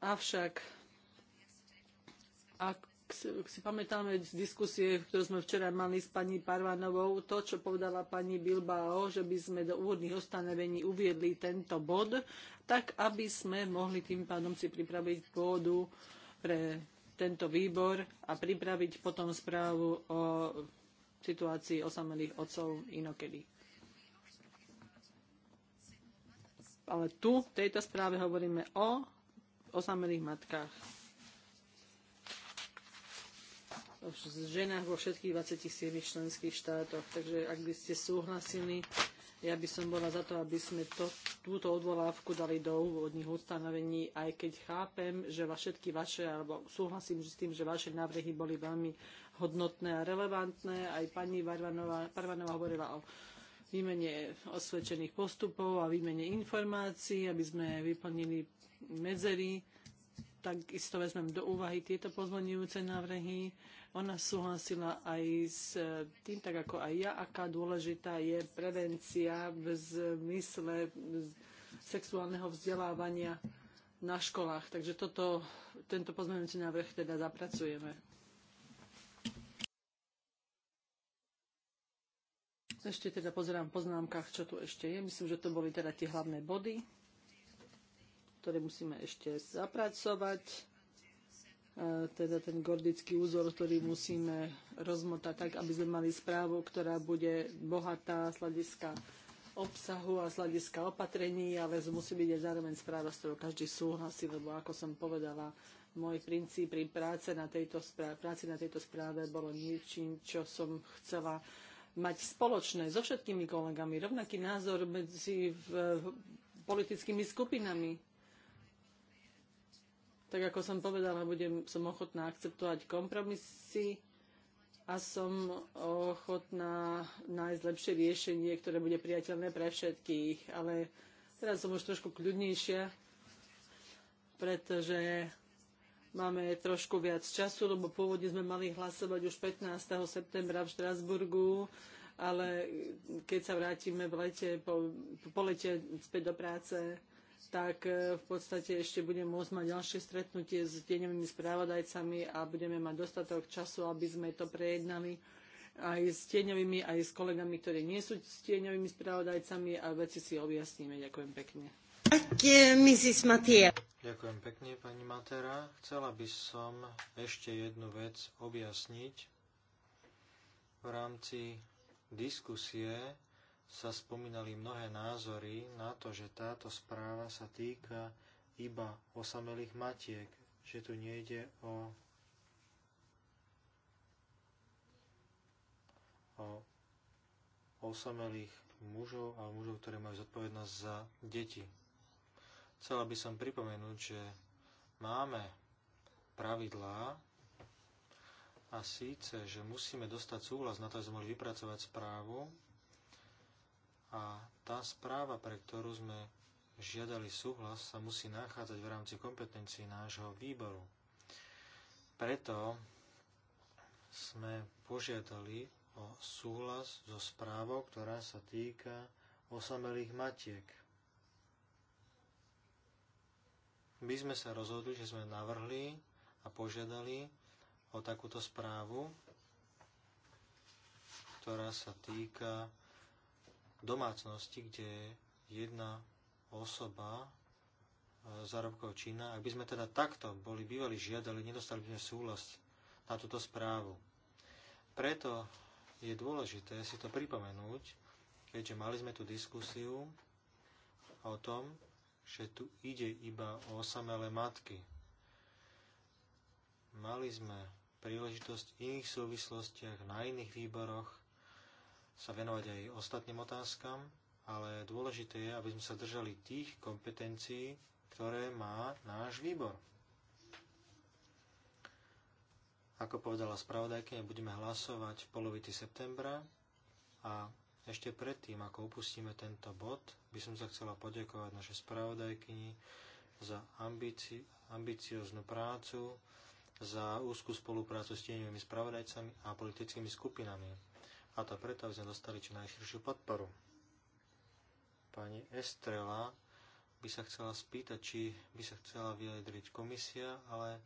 Avšak ak si pamätáme z diskusie, ktorú sme včera mali s pani Parvanovou, to, čo povedala pani Bilbao, že by sme do úvodných ustanovení uviedli tento bod, tak aby sme mohli tým pádom si pripraviť pôdu pre tento výbor a pripraviť potom správu o situácii osamelých otcov inokedy. Ale tu, v tejto správe, hovoríme o osamelých matkách ženách vo všetkých 27 členských štátoch. Takže ak by ste súhlasili, ja by som bola za to, aby sme to, túto odvolávku dali do úvodných ustanovení, aj keď chápem, že va, všetky vaše, alebo súhlasím s tým, že vaše návrhy boli veľmi hodnotné a relevantné. Aj pani Parvanová, Parvanová hovorila o výmene osvedčených postupov a výmene informácií, aby sme vyplnili medzery takisto vezmem do úvahy tieto pozvonujúce návrhy. Ona súhlasila aj s e, tým, tak ako aj ja, aká dôležitá je prevencia v zmysle sexuálneho vzdelávania na školách. Takže toto, tento pozmeňujúci návrh teda zapracujeme. Ešte teda pozerám v poznámkach, čo tu ešte je. Myslím, že to boli teda tie hlavné body ktoré musíme ešte zapracovať, teda ten gordický úzor, ktorý musíme rozmotať tak, aby sme mali správu, ktorá bude bohatá z hľadiska obsahu a z hľadiska opatrení, ale musí byť aj zároveň správa, s ktorou každý súhlasí, lebo ako som povedala, môj princíp pri práce na tejto správe, práci na tejto správe bolo niečím, čo som chcela mať spoločné so všetkými kolegami, rovnaký názor medzi v, v, politickými skupinami. Tak ako som povedala, budem, som ochotná akceptovať kompromisy a som ochotná nájsť lepšie riešenie, ktoré bude priateľné pre všetkých. Ale teraz som už trošku kľudnejšia, pretože máme trošku viac času, lebo pôvodne sme mali hlasovať už 15. septembra v Štrasburgu, ale keď sa vrátime v lete, po, po lete späť do práce, tak e, v podstate ešte budem môcť mať ďalšie stretnutie s deňovými správodajcami a budeme mať dostatok času, aby sme to prejednali aj s tieňovými, aj s kolegami, ktorí nie sú s tieňovými správodajcami a veci si objasníme. Ďakujem pekne. Ďakujem pekne, pani Matera. Chcela by som ešte jednu vec objasniť v rámci diskusie sa spomínali mnohé názory na to, že táto správa sa týka iba osamelých matiek, že tu nejde o, o osamelých mužov a mužov, ktorí majú zodpovednosť za deti. Chcela by som pripomenúť, že máme pravidlá a síce, že musíme dostať súhlas na to, aby sme mohli vypracovať správu a tá správa, pre ktorú sme žiadali súhlas, sa musí nachádzať v rámci kompetencií nášho výboru. Preto sme požiadali o súhlas so správou, ktorá sa týka osamelých matiek. My sme sa rozhodli, že sme navrhli a požiadali o takúto správu, ktorá sa týka domácnosti, kde je jedna osoba e, zárobkov Čína. Ak by sme teda takto boli bývali žiadali, nedostali by sme súhlas na túto správu. Preto je dôležité si to pripomenúť, keďže mali sme tú diskusiu o tom, že tu ide iba o osamelé matky. Mali sme príležitosť v iných súvislostiach, na iných výboroch sa venovať aj ostatným otázkam, ale dôležité je, aby sme sa držali tých kompetencií, ktoré má náš výbor. Ako povedala spravodajka, budeme hlasovať v polovici septembra a ešte predtým, ako opustíme tento bod, by som sa chcela poďakovať našej spravodajkyni za ambici- ambicioznú prácu, za úzkú spoluprácu s tieňovými spravodajcami a politickými skupinami a to preto, aby sme dostali čo najširšiu podporu. Pani Estrela by sa chcela spýtať, či by sa chcela vyjadriť komisia, ale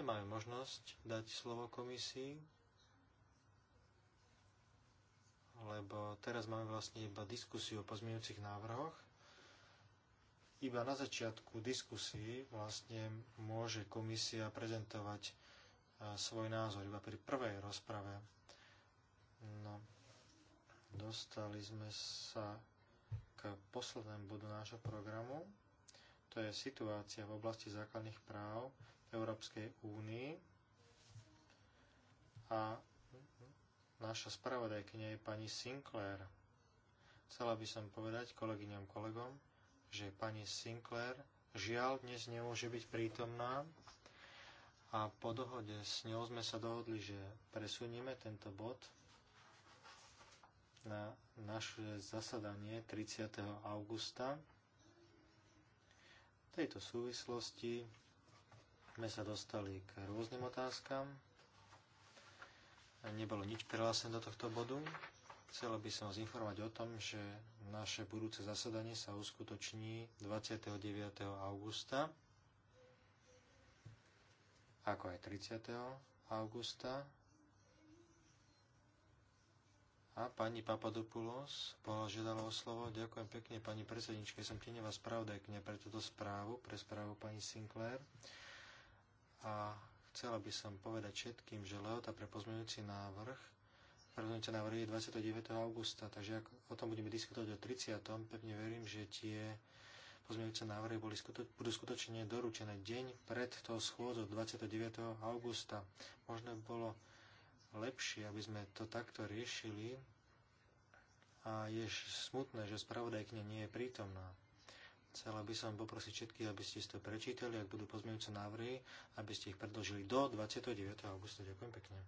nemáme možnosť dať slovo komisii, lebo teraz máme vlastne iba diskusiu o pozmeňujúcich návrhoch. Iba na začiatku diskusii vlastne môže komisia prezentovať svoj názor iba pri prvej rozprave No, dostali sme sa k poslednému bodu nášho programu. To je situácia v oblasti základných práv v Európskej únii. A naša spravodajkynia je pani Sinclair. Chcela by som povedať kolegyňam kolegom, že pani Sinclair žiaľ dnes nemôže byť prítomná a po dohode s ňou sme sa dohodli, že presunieme tento bod na naše zasadanie 30. augusta. V tejto súvislosti sme sa dostali k rôznym otázkam. Nebolo nič prihlásené do tohto bodu. Chcel by som vás informovať o tom, že naše budúce zasadanie sa uskutoční 29. augusta, ako aj 30. augusta a pani Papadopoulos požiadala o slovo. Ďakujem pekne pani predsedničke, som vás pravdajkne pre túto správu, pre správu pani Sinclair. A chcela by som povedať všetkým, že leota pre pozmeňujúci návrh Rozhodnutie návrhy je 29. augusta, takže ak o tom budeme diskutovať o 30. pevne verím, že tie pozmeňujúce návrhy boli budú skutočne doručené deň pred tou schôdzou 29. augusta. Možno by bolo lepšie, aby sme to takto riešili a je smutné, že spravodajkne nie je prítomná. Chcela by som poprosiť všetkých, aby ste si to prečítali, ak budú pozmeňujúce návrhy, aby ste ich predložili do 29. augusta. Ďakujem pekne.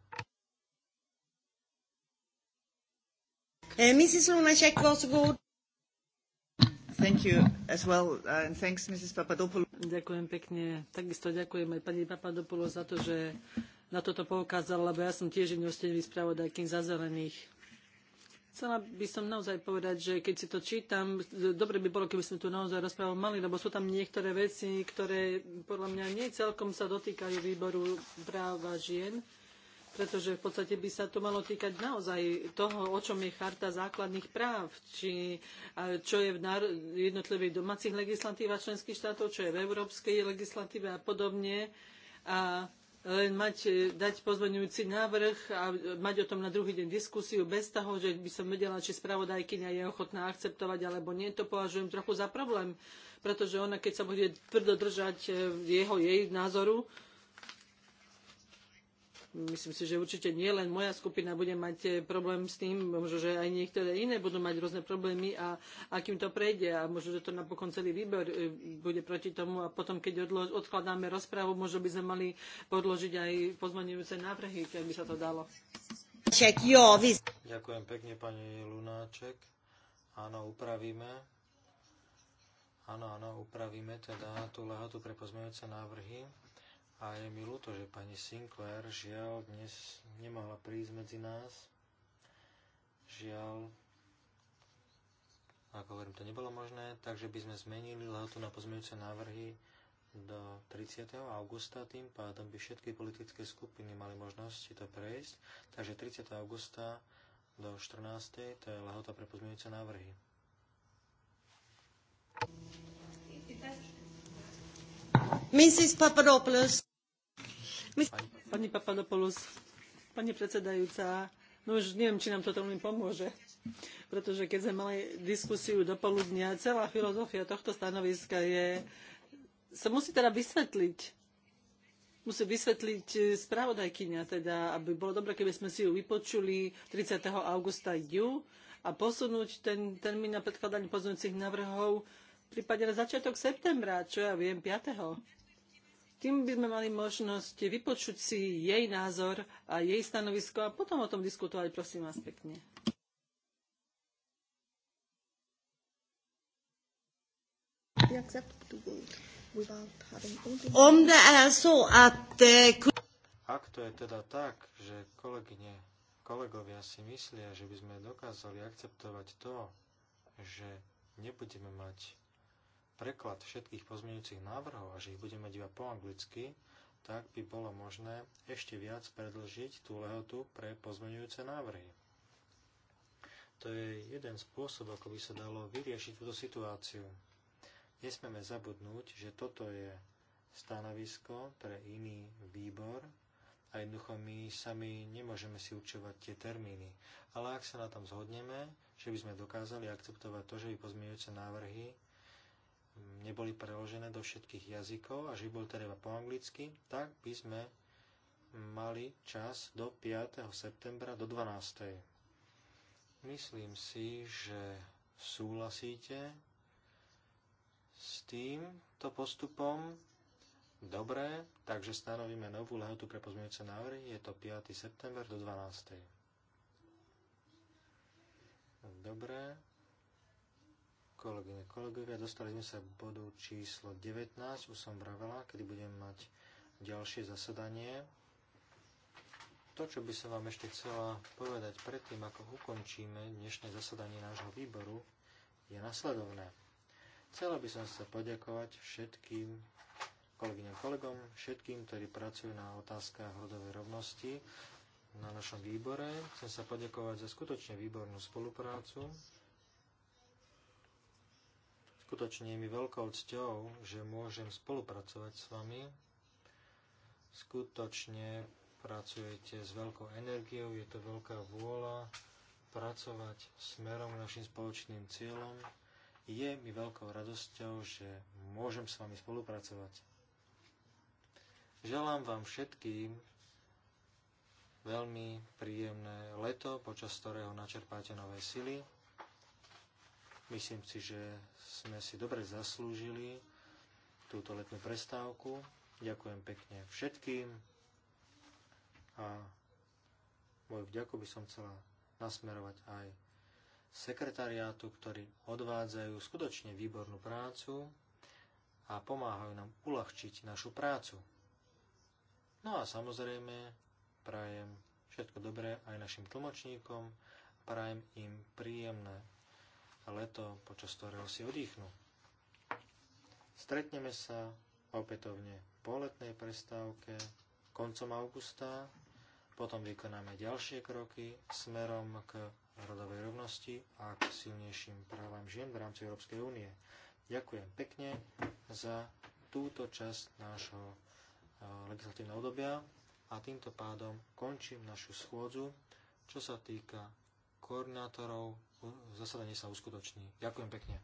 Eh, well. Uh, thanks, ďakujem pekne. Takisto ďakujem aj pani Papadopoulou za to, že na toto poukázala, lebo ja som tiež jednostevý spravodajkým za zelených. Chcela by som naozaj povedať, že keď si to čítam, dobre by bolo, keby sme tu naozaj rozprávu mali, lebo sú tam niektoré veci, ktoré podľa mňa nie celkom sa dotýkajú výboru práva žien, pretože v podstate by sa to malo týkať naozaj toho, o čom je charta základných práv, či čo je v jednotlivých domácich legislatívach členských štátov, čo je v európskej legislatíve a podobne. A len mať, e, dať pozvoňujúci návrh a e, mať o tom na druhý deň diskusiu bez toho, že by som vedela, či spravodajkynia je ochotná akceptovať alebo nie, to považujem trochu za problém, pretože ona, keď sa bude tvrdo držať e, jeho, jej názoru, myslím si, že určite nie len moja skupina bude mať eh, problém s tým, možno, že aj niektoré iné budú mať rôzne problémy a akým to prejde a možno, že to napokon celý výbor eh, bude proti tomu a potom, keď odkladáme rozprávu, možno by sme mali podložiť aj pozmenujúce návrhy, keď by sa to dalo. Ďakujem pekne, pani Lunáček. Áno, upravíme. Áno, áno, upravíme teda tú lehotu pre pozmeňujúce návrhy. A je mi ľúto, že pani Sinclair žiaľ dnes nemohla prísť medzi nás. Žiaľ, ako hovorím, to nebolo možné, takže by sme zmenili lehotu na pozmeňujúce návrhy do 30. augusta, tým pádom by všetky politické skupiny mali možnosť si to prejsť. Takže 30. augusta do 14. to je lehota pre pozmeňujúce návrhy. Mrs. Papadopoulos. Pani Papadopoulos, pani predsedajúca, no už neviem, či nám to veľmi pomôže, pretože keď sme mali diskusiu do poludnia, celá filozofia tohto stanoviska je, sa musí teda vysvetliť, musí vysvetliť e, spravodajkyňa, teda, aby bolo dobre, keby sme si ju vypočuli 30. augusta ju a posunúť ten termín na predkladanie pozmeňujúcich návrhov prípadne na začiatok septembra, čo ja viem, 5 tým by sme mali možnosť vypočuť si jej názor a jej stanovisko a potom o tom diskutovať, prosím vás pekne. Er eh, Ak to je teda tak, že kolegyne, kolegovia si myslia, že by sme dokázali akceptovať to, že nebudeme mať preklad všetkých pozmeňujúcich návrhov a že ich budeme mať iba po anglicky, tak by bolo možné ešte viac predlžiť tú lehotu pre pozmeňujúce návrhy. To je jeden spôsob, ako by sa dalo vyriešiť túto situáciu. Nesmieme zabudnúť, že toto je stanovisko pre iný výbor a jednoducho my sami nemôžeme si určovať tie termíny. Ale ak sa na tom zhodneme, že by sme dokázali akceptovať to, že by pozmeňujúce návrhy neboli preložené do všetkých jazykov a že bol treba po anglicky, tak by sme mali čas do 5. septembra do 12. Myslím si, že súhlasíte s týmto postupom. Dobre, takže stanovíme novú lehotu pre pozmeňujúce návrhy. Je to 5. september do 12. Dobre, Kolegyne, kolegovia, dostali sme sa k bodu číslo 19, už som vravela, kedy budem mať ďalšie zasadanie. To, čo by som vám ešte chcela povedať predtým, ako ukončíme dnešné zasadanie nášho výboru, je nasledovné. Chcela by som sa poďakovať všetkým kolegyňam kolegom, všetkým, ktorí pracujú na otázkach rodovej rovnosti na našom výbore. Chcem sa poďakovať za skutočne výbornú spoluprácu. Skutočne je mi veľkou cťou, že môžem spolupracovať s vami. Skutočne pracujete s veľkou energiou, je to veľká vôľa pracovať smerom k našim spoločným cieľom. Je mi veľkou radosťou, že môžem s vami spolupracovať. Želám vám všetkým veľmi príjemné leto, počas ktorého načerpáte nové sily. Myslím si, že sme si dobre zaslúžili túto letnú prestávku. Ďakujem pekne všetkým a moju vďaku by som chcela nasmerovať aj sekretariátu, ktorí odvádzajú skutočne výbornú prácu a pomáhajú nám uľahčiť našu prácu. No a samozrejme prajem všetko dobré aj našim tlmočníkom, prajem im príjemné leto, počas ktorého si oddychnú. Stretneme sa opätovne po letnej prestávke koncom augusta, potom vykonáme ďalšie kroky smerom k rodovej rovnosti a k silnejším právam žien v rámci Európskej únie. Ďakujem pekne za túto časť nášho eh, legislatívneho obdobia a týmto pádom končím našu schôdzu, čo sa týka koordinátorov zasadanie sa uskutoční. Ďakujem pekne.